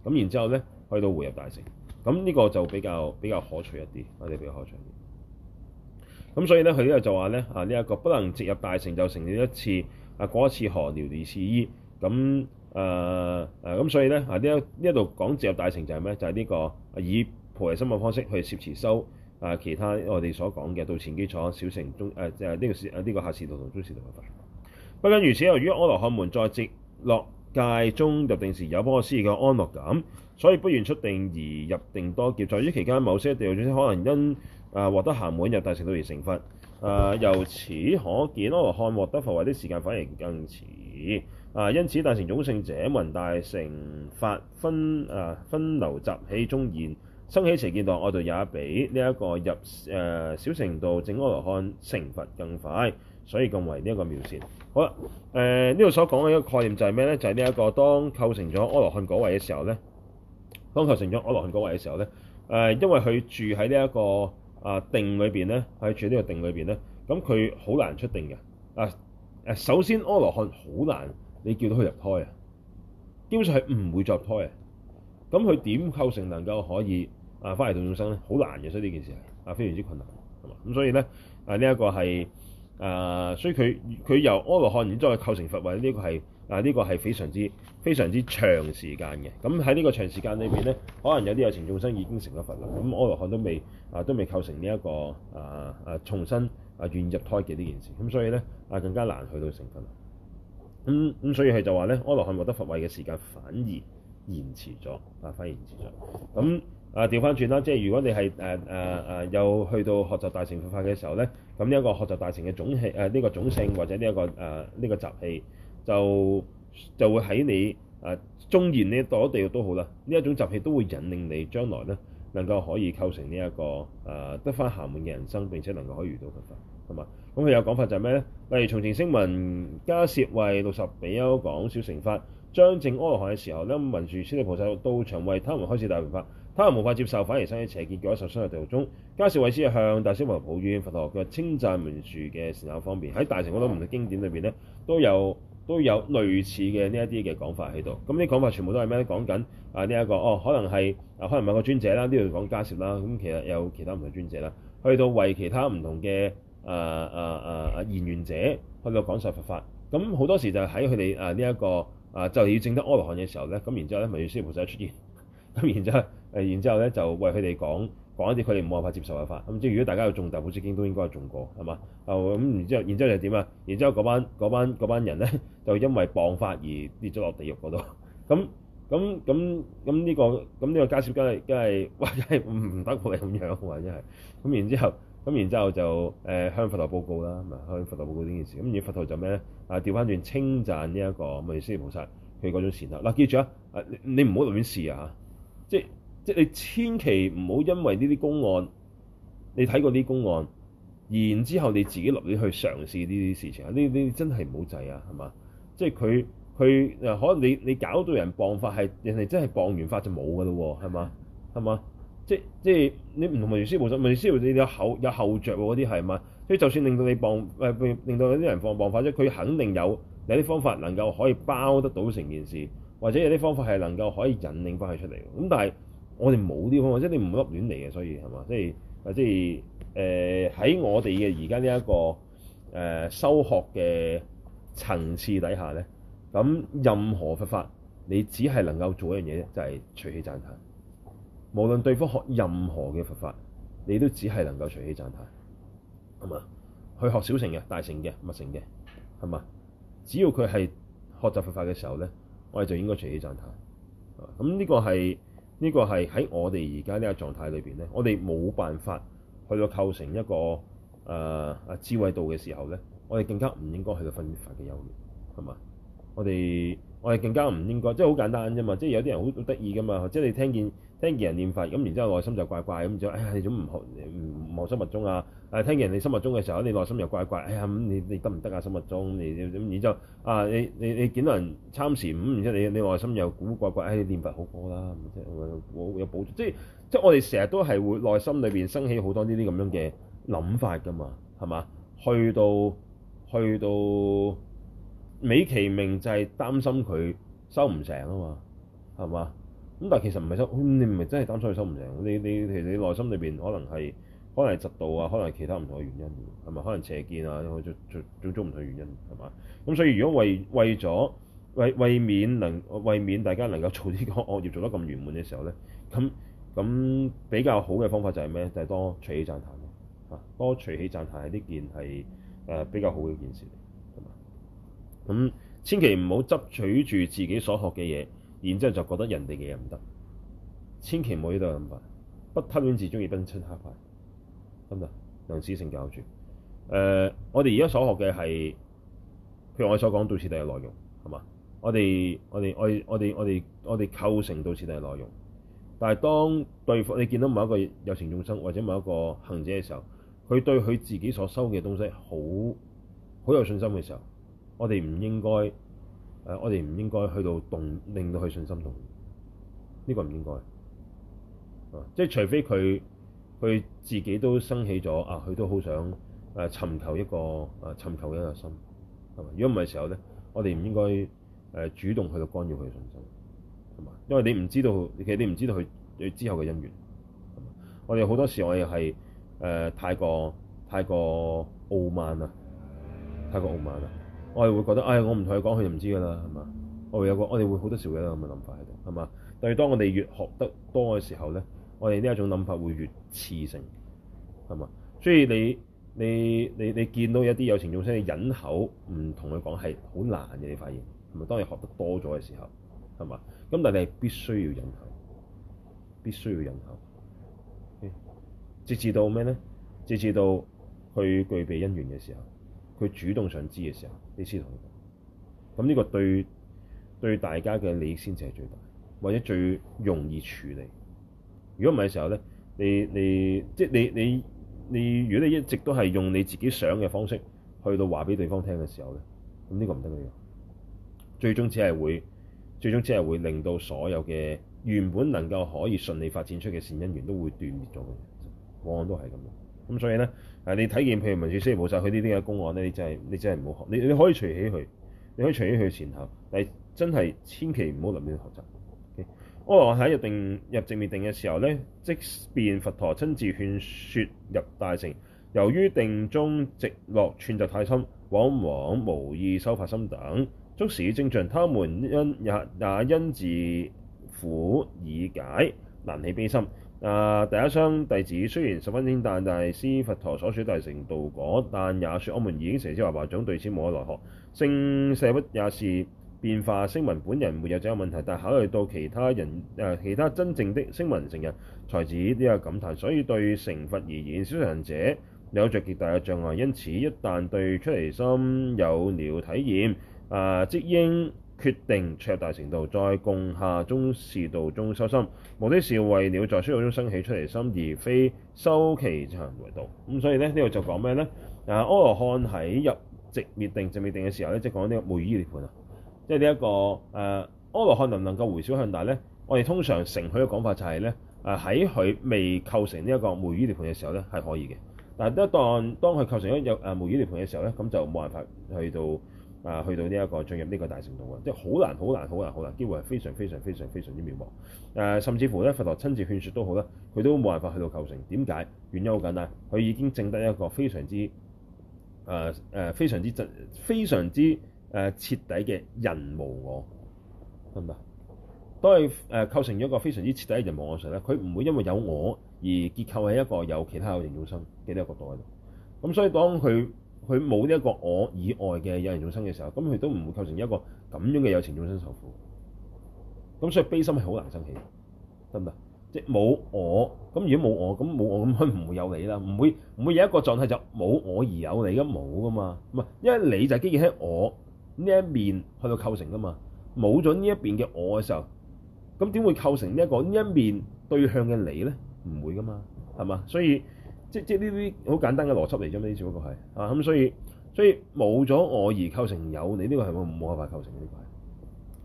咁然之後咧去到回入大乘。咁、這、呢個就比較比較可取一啲，我、啊、哋比較可取一。咁、啊、所以咧佢呢度就話咧啊呢一、這個不能直入大乘，就成了一次啊過一次河撩二次衣，咁誒誒咁所以咧啊呢一呢一度講直入大乘就係咩、啊啊啊啊啊？就係、是、呢、這個、啊、以。菩提心嘅方式去攝持修啊，其他我哋所講嘅道前基礎、小乘中誒誒呢個市啊呢個下士道同中士道不法。不僅如此，由於阿羅漢們在寂樂界中入定時，有不可思議嘅安樂感，所以不願出定而入定多劫。在呢期間，某些地獄眾生可能因啊獲得暇滿入大乘道而成佛。啊，由此可見，阿羅漢獲得佛位的時間反而更遲啊。因此大總，大乘種姓者聞大乘法薰啊薰留習氣縱然。生起邪見道，我哋也比呢一個入誒、呃、小乘道，證阿羅漢成佛更快，所以更為呢一個妙善。好啦，誒呢度所講嘅一個概念就係咩咧？就係呢一個當構成咗阿羅漢果位嘅時候咧，當構成咗阿羅漢果位嘅時候咧，誒、呃、因為佢住喺呢一個啊、呃、定裏邊咧，佢住呢個定裏邊咧，咁佢好難出定嘅。啊、呃、誒，首先阿羅漢好難你叫到佢入胎啊，基本上係唔會再入胎啊。咁佢點構成能夠可以啊返嚟度眾生咧？好難嘅，所以呢件事係啊非常之困難，係嘛？咁所以咧啊呢一、這個係啊，所以佢佢由阿羅漢然之後構成佛位。呢、這個係啊呢、這個係非常之非常之長時間嘅。咁喺呢個長時間裏邊咧，可能有啲有情眾生已經成咗佛了，咁、嗯、阿羅漢都未啊都未構成呢、這、一個啊啊重新啊願入胎嘅呢件事，咁所以咧啊更加難去到成佛。咁、嗯、咁、嗯、所以係就話咧，阿羅漢獲得佛位嘅時間反而延遲咗，啊，反延遲咗。咁啊，調翻轉啦，即係如果你係誒誒誒有去到學習大乘佛法嘅時候咧，咁呢一個學習大乘嘅種姓誒，呢、啊這個種姓或者呢、這、一個誒呢、啊這個習氣，就就會喺你誒縱然你墮地獄都好啦。呢一種習氣都會引領你將來咧能夠可以構成呢、這、一個誒得返暇滿嘅人生，並且能夠可以遇到佛法，係嘛？咁佢有講法就係咩咧？例如《從前聲聞迦葉為六十比丘講小乘法》。將證阿羅漢嘅時候咧，文殊師利菩薩到場為他們開示大乘法，他們無法接受，反而生起邪見，結果受傷喺地獄中。加涉慧斯向大師文菩尊佛學，佢話稱讚文殊嘅善巧方便。喺大乘嗰度唔同經典裏邊咧都有都有類似嘅呢一啲嘅講法喺度。咁呢啲講法全部都係咩咧？講緊啊呢一個哦，可能係啊可能某個尊者啦，呢度講加涉啦，咁其實有其他唔同尊者啦，去到為其他唔同嘅啊啊啊啊言緣者去到講授佛法。咁好多時就喺佢哋啊呢一個。啊，就要證得阿羅漢嘅時候咧，咁然之後咧，咪要文殊菩薩出現，咁然之後，誒，然之後咧就為佢哋講講一啲佢哋冇辦法接受嘅法，咁即係如果大家要中有中，但係好似經都應該係中過，係嘛？啊、哦，咁然之後，然之後又點啊？然之後嗰班班班人咧，就因為謗法而跌咗落地獄嗰度，咁咁咁咁呢個咁呢、嗯這個迦葉，梗係梗係，或者係唔得嘅咁樣，或者係咁，然之後。咁然之後就誒向佛陀報告啦，咪向佛陀報告呢件事。咁而佛陀就咩咧？啊，調翻轉稱讚呢一個文殊師利菩薩，佢嗰種善巧。嗱，記住啊，啊你你唔好亂試啊，即係即係你千祈唔好因為呢啲公案，你睇過啲公案，然之後你自己落啲去嘗試呢啲事情。呢呢真係唔好制啊，係嘛？即係佢佢啊，可能你你搞到人謗法係人哋真係謗完法就冇㗎咯，係嘛？係嘛？即即係你唔同文無師，無文無師，你有後有後著嗰啲係嘛？所以就算令到你放誒令到有啲人放放法啫，佢肯定有有啲方法能夠可以包得到成件事，或者有啲方法係能夠可以引領翻佢出嚟。咁但係我哋冇啲方法，即係你唔笠亂嚟嘅，所以係嘛？即係即係誒喺我哋嘅而家呢一個誒、呃、修學嘅層次底下咧，咁任何佛法你只係能夠做一樣嘢，就係隨喜讚歎。無論對方學任何嘅佛法，你都只係能夠隨喜讚歎，係嘛？去學小乘嘅、大乘嘅、密乘嘅，係嘛？只要佢係學習佛法嘅時候咧，我哋就應該隨喜讚歎。咁呢個係呢、呢個係喺我哋而家呢個狀態裏邊咧，我哋冇辦法去到構成一個誒、呃、智慧度嘅時候咧，我哋更加唔應該去到分別法嘅優劣，係嘛？我哋我哋更加唔應該，即係好簡單啫嘛。即係有啲人好好得意噶嘛，即係你聽見。聽見人念佛，咁然之後內心就怪怪咁，就哎呀，你做唔學唔學心密宗啊？啊，聽見人哋心密宗嘅時候，你內心又怪怪，哎呀，咁你你得唔得啊？心密宗，咁你咁然之後啊，你你你見到人參禪，咁然之後你你內心又古怪怪，哎，念佛好過、啊、啦，咁即我有補，即係即係我哋成日都係會內心裏邊升起好多呢啲咁樣嘅諗法㗎嘛，係嘛？去到去到美其名就係擔心佢收唔成啊嘛，係嘛？咁但係其實唔係收，你唔係真係擔心佢收唔成。你你你，你內心裏邊可能係，可能係嫉妒啊，可能係其他唔同嘅原因，係咪？可能邪見啊，種種唔同嘅原因，係嘛？咁所以如果為為咗為為免能為免大家能夠做呢個行業做得咁圓滿嘅時候咧，咁咁比較好嘅方法就係咩？就係、是、多隨喜讚歎咯，嚇！多隨喜讚歎係呢件係誒比較好嘅一件事嚟，係嘛？咁千祈唔好執取住自己所學嘅嘢。然之後就覺得人哋嘅嘢唔得，千祈唔好呢度咁。法，不攀戀自，中意不親黑派，得唔得？良知性教住。誒、呃，我哋而家所學嘅係，譬如我所講道次第嘅內容，係嘛？我哋我哋我哋我哋我哋我哋構成道次第嘅內容。但係當對付你見到某一個有情眾生或者某一個行者嘅時候，佢對佢自己所收嘅東西好好有信心嘅時候，我哋唔應該。誒、呃，我哋唔應該去到動，令到佢信心動，呢個唔應該。啊，即係除非佢，佢自己都生起咗，啊，佢都好想誒、呃、尋求一個誒、啊、尋求一個心，係嘛？如果唔係時候咧，我哋唔應該誒、呃、主動去到干擾佢嘅信心，係嘛？因為你唔知道，其實你唔知道佢佢之後嘅因緣，係嘛？我哋好多時我哋係誒太過太過傲慢喇，太過傲慢喇！我哋會覺得，唉、哎，我唔同佢講，佢就唔知噶啦，係嘛？我會有個，我哋會好多時會有咁嘅諗法喺度，係嘛？但係當我哋越學得多嘅時候咧，我哋呢一種諗法會越次性，係嘛？所以你、你、你、你、你見到一啲有情眾生嘅忍口唔同佢講係好難嘅，你發現，係咪？當你學得多咗嘅時候，係嘛？咁但係你係必須要忍口，必須要忍口，okay? 直至到咩咧？直至到佢具備因緣嘅時候，佢主動想知嘅時候。你先同佢講，咁呢個對對大家嘅利益先至係最大，或者最容易處理。如果唔係嘅時候咧，你你即係你你你，如果你一直都係用你自己想嘅方式去到話俾對方聽嘅時候咧，咁呢個唔得嘅。最終只係會，最終只係會令到所有嘅原本能夠可以順利發展出嘅善因緣都會斷滅咗嘅。往往都係咁嘅，咁所以咧。係你睇見，譬如文殊師利菩薩佢呢啲嘅公案咧，你真係你真係唔好學，你你可以隨起佢，你可以隨起佢前頭，但係真係千祈唔好臨尾學習。阿羅漢喺入定入靜滅定嘅時候咧，即便佛陀親自勸説入大乘，由於定中直落寸就太深，往往無意修發心等，縱使精進，他們因也也因自苦已解，難起悲心。啊！第一雙弟子雖然十分讚歎，但係師佛陀所説大乘道果，但也説我們已經成焦種敗芽，總對此無可奈何。聖舍利弗也是變化聲聞，本人沒有這個問題，但考慮到其他人誒、呃、其他真正的聲聞乘人才作呢個感嘆，所以對成佛而言，小乘行者有着極大嘅障礙。因此，一旦對出離心有了體驗，啊、呃，即應。決定趣入大乘道，在共下中士道中修心，目的是為了在相續中生起出離心，而非修其正行道。咁、嗯、所以咧，呢度就講咩咧？啊，阿羅漢喺入寂滅定寂滅定嘅時候咧，即係講呢個無餘涅槃、就是這個、啊，即係呢一個誒阿羅漢能唔能夠回小向大咧？我哋通常承許嘅講法就係、是、咧，誒喺佢未構成呢一個無餘涅槃嘅時候咧，係可以嘅。但係一當當佢構成一有誒無餘涅槃嘅時候咧，咁就冇辦法去到。啊，去到呢一個進入呢個大乘道啊，即係好難，難，難、好難、好難、好難，機會係非常非常非常非常之渺茫。誒、呃，甚至乎咧，佛陀親自勸説都好啦，佢都冇辦法去到構成。點解？原因好簡單，佢已經證得一個非常之誒誒、呃呃，非常之盡、非常之誒、呃、徹底嘅人無我，得唔得？當佢誒、呃、構成咗一個非常之徹底嘅人無我上咧，佢唔會因為有我而結構喺一個有其他嘅營養生嘅呢個角度喺度。咁所以當佢佢冇呢一個我以外嘅有情眾生嘅時候，咁佢都唔會構成一個咁樣嘅有情眾生受苦。咁所以悲心係好難生起，得唔得？即係冇我，咁如果冇我，咁冇我咁佢唔會有你啦，唔會唔會有一個狀態就冇我而有你嘅冇噶嘛？唔係，因為你就基於喺我呢一面去到構成噶嘛。冇咗呢一邊嘅我嘅時候，咁點會構成呢一個呢一面對向嘅你咧？唔會噶嘛，係嘛？所以。即即呢啲好簡單嘅邏輯嚟啫嘛，呢只不過係啊咁，所以所以冇咗我而構成有，你、這、呢個係冇冇辦法構成嘅呢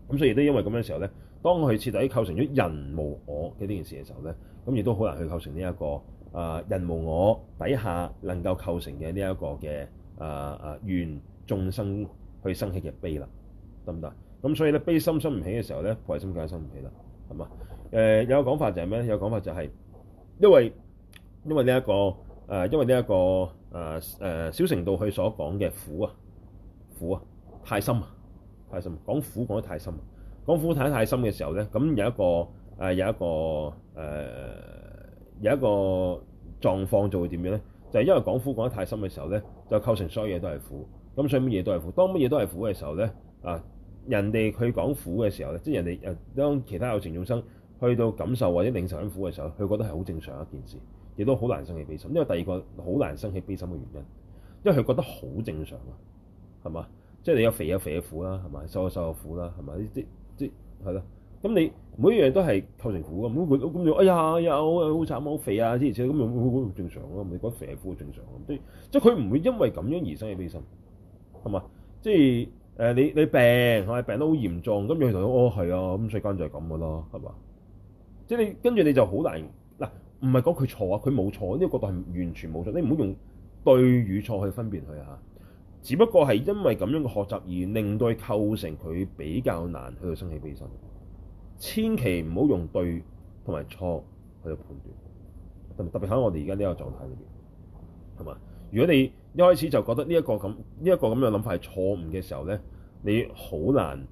個。咁所以都因為咁樣嘅時候咧，當佢徹底構成咗人無我嘅呢件事嘅時候咧，咁亦都好難去構成呢、這、一個啊、呃、人無我底下能夠構成嘅呢一個嘅啊啊緣眾生去生起嘅悲啦，得唔得？咁所以咧悲心生唔起嘅時候咧，菩提心梗生唔起啦，係嘛？誒、呃、有講法就係咩咧？有講法就係、是、因為。因為呢、這、一個誒，因為呢一個誒誒小乘道，佢所講嘅苦啊苦啊太深啊太深，講苦講得太深啊，講苦太太深嘅時候咧，咁有一個誒、呃、有一個誒、呃、有一個狀況就會點樣咧？就係、是、因為講苦講得太深嘅時候咧，就構成所有嘢都係苦，咁所以乜嘢都係苦。當乜嘢都係苦嘅時候咧啊，人哋佢講苦嘅時候咧，即係人哋誒當其他有情眾生去到感受或者領受緊苦嘅時候，佢覺得係好正常一件事。亦都好難生起悲心，因為第二個好難生起悲心嘅原因，因為佢覺得好正常啊，係嘛？即係你有肥有肥嘅苦啦，係咪？瘦有瘦嘅苦啦，係咪？即即係咯，咁你每一樣都係構成苦咁，咁咁就哎呀有好、哎、慘好肥啊之類，咁又正常啊，你覺得肥係苦正常啊？即即佢唔會因為咁樣而生起悲心，係嘛？即係誒、呃、你你病係病得好嚴重，咁又係覺得哦係啊，咁世間就係咁噶啦，係嘛？即係你跟住你就好難。唔係講佢錯啊，佢冇錯，呢個角度係完全冇錯。你唔好用對與錯去分辨佢啊，只不過係因為咁樣嘅學習而令到構成佢比較難去到升起悲心。千祈唔好用對同埋錯去到判斷，特別喺我哋而家呢個狀態裏邊，係嘛？如果你一開始就覺得呢一個咁呢一個咁嘅諗法係錯誤嘅時候咧，你好難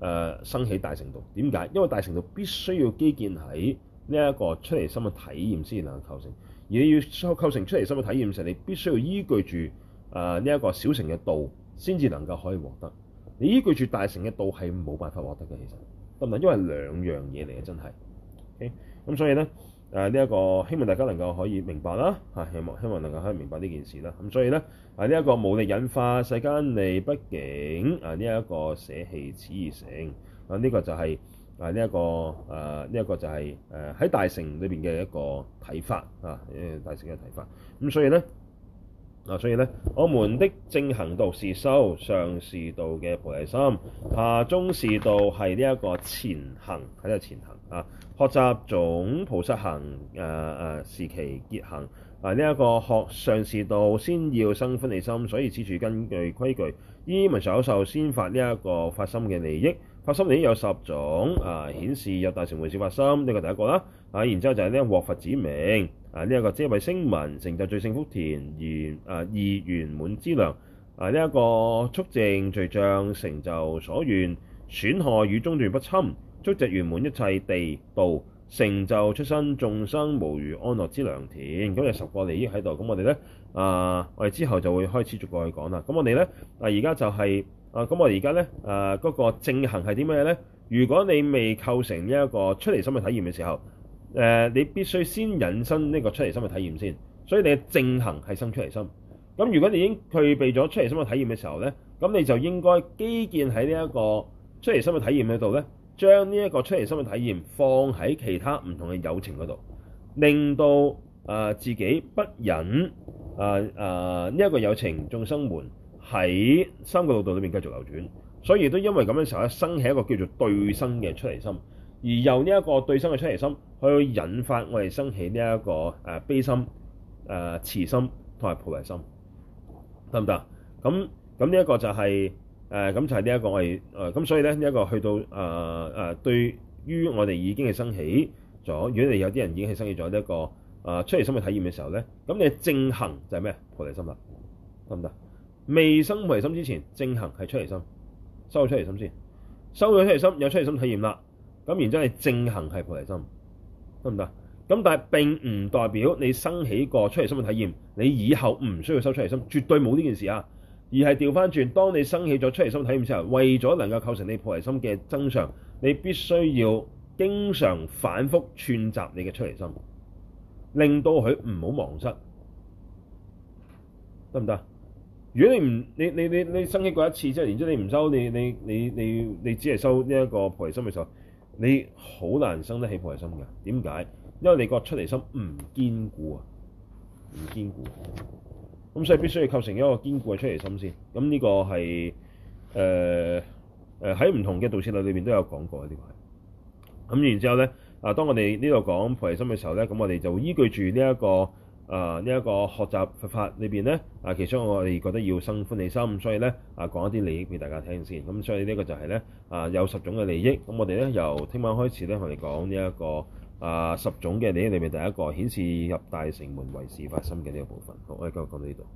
誒升起大程度。點解？因為大程度必須要基建喺呢一個出離心嘅體驗先能夠構成，而你要構構成出離心嘅體驗嘅時，你必須要依據住啊呢一個小乘嘅道，先至能夠可以獲得。你依據住大乘嘅道係冇辦法獲得嘅，其實，得唔得？因為兩樣嘢嚟嘅真係。咁、okay? 所以咧，誒呢一個希望大家能夠可以明白啦，嚇，希望希望能夠可以明白呢件事啦。咁所以咧，喺呢一個無力引發世間利不境，啊呢一個捨棄此而成，啊、呃、呢、這個就係、是。係呢一個誒，呢、啊、一、這個就係誒喺大城裏邊嘅一個睇法嚇，呢、啊、大城嘅睇法。咁所以咧啊，所以咧，我們的正行道是修上士道嘅菩提心，下、啊、中士道係呢一個前行，喺度前行啊。學習總菩薩行誒誒，是其結行啊。呢、啊、一、啊這個學上士道先要生歡喜心，所以此處根據軌炬依文殊口授先發呢一個發心嘅利益。發心利益有十種啊，顯、呃、示入大乘門惟是發心。呢、這個第一個啦啊，然之後就係咧獲佛子名啊，呢、這、一個遮蔽聲聞、成就最勝福田、而啊易圓滿資糧啊，呢一、啊這個速淨罪障、成就所願、損害與中斷不侵、速疾圓滿一切地道，成就出生眾生無餘安樂之良田，咁有十個利益喺度，咁我哋咧啊，我哋之後就會開始逐個去講啦，咁我哋咧啊而家就係、是。啊，咁我而家咧，誒、呃、嗰、那個正行係點咩咧？如果你未構成呢一個出離心嘅體驗嘅時候，誒、呃、你必須先引生呢個出離心嘅體驗先。所以你嘅正行係生出離心。咁如果你已經具備咗出離心嘅體驗嘅時候咧，咁你就應該基建喺呢一個出離心嘅體驗嗰度咧，將呢一個出離心嘅體驗放喺其他唔同嘅有情嗰度，令到誒、呃、自己不忍誒誒呢一個有情眾生們。喺三個路道裏面繼續流轉，所以亦都因為咁嘅時候咧，生起一個叫做對生嘅出離心，而由呢一個對生嘅出離心去引發我哋生起呢一個誒悲心、誒、呃、慈心同埋菩提心，得唔得？咁咁呢一個就係誒咁就係呢一個我哋誒咁，呃、所以咧呢一、這個去到誒誒、呃呃、對於我哋已經係生起咗，如果你有啲人已經係生起咗一、這個誒、呃、出離心嘅體驗嘅時候咧，咁你正行就係咩菩提心啦，得唔得？未生菩提心之前，正行係出離心，修咗出離心先，修咗出離心有出離心體驗啦，咁然之後係正行係菩提心，得唔得？咁但係並唔代表你生起個出離心嘅體驗，你以後唔需要修出離心，絕對冇呢件事啊！而係調翻轉，當你生起咗出離心體驗之後，為咗能夠構成你菩提心嘅增長，你必須要經常反覆串習你嘅出離心，令到佢唔好忘失，得唔得？如果你唔，你你你你生起過一次之後，然之後你唔收你你你你你只係收呢一個菩提心嘅時候，你好難生得起菩提心嘅。點解？因為你個出離心唔堅固啊，唔堅固。咁所以必須要構成一個堅固嘅出離心先。咁呢個係誒誒喺唔同嘅導師裏面都有講過呢個係咁，然之後咧，啊，當我哋呢度講菩提心嘅時候咧，咁我哋就會依據住呢一個。啊呢一個學習佛法裏邊咧，啊，其中我哋覺得要生歡喜心，所以咧啊，講一啲利益俾大家聽先。咁、啊、所以呢個就係咧啊，有十種嘅利益。咁我哋咧由聽晚開始咧，我哋講呢一個啊十種嘅利益裏面，第一個顯示入大乘門惟是發心嘅呢個部分。好，我哋繼續講到呢度。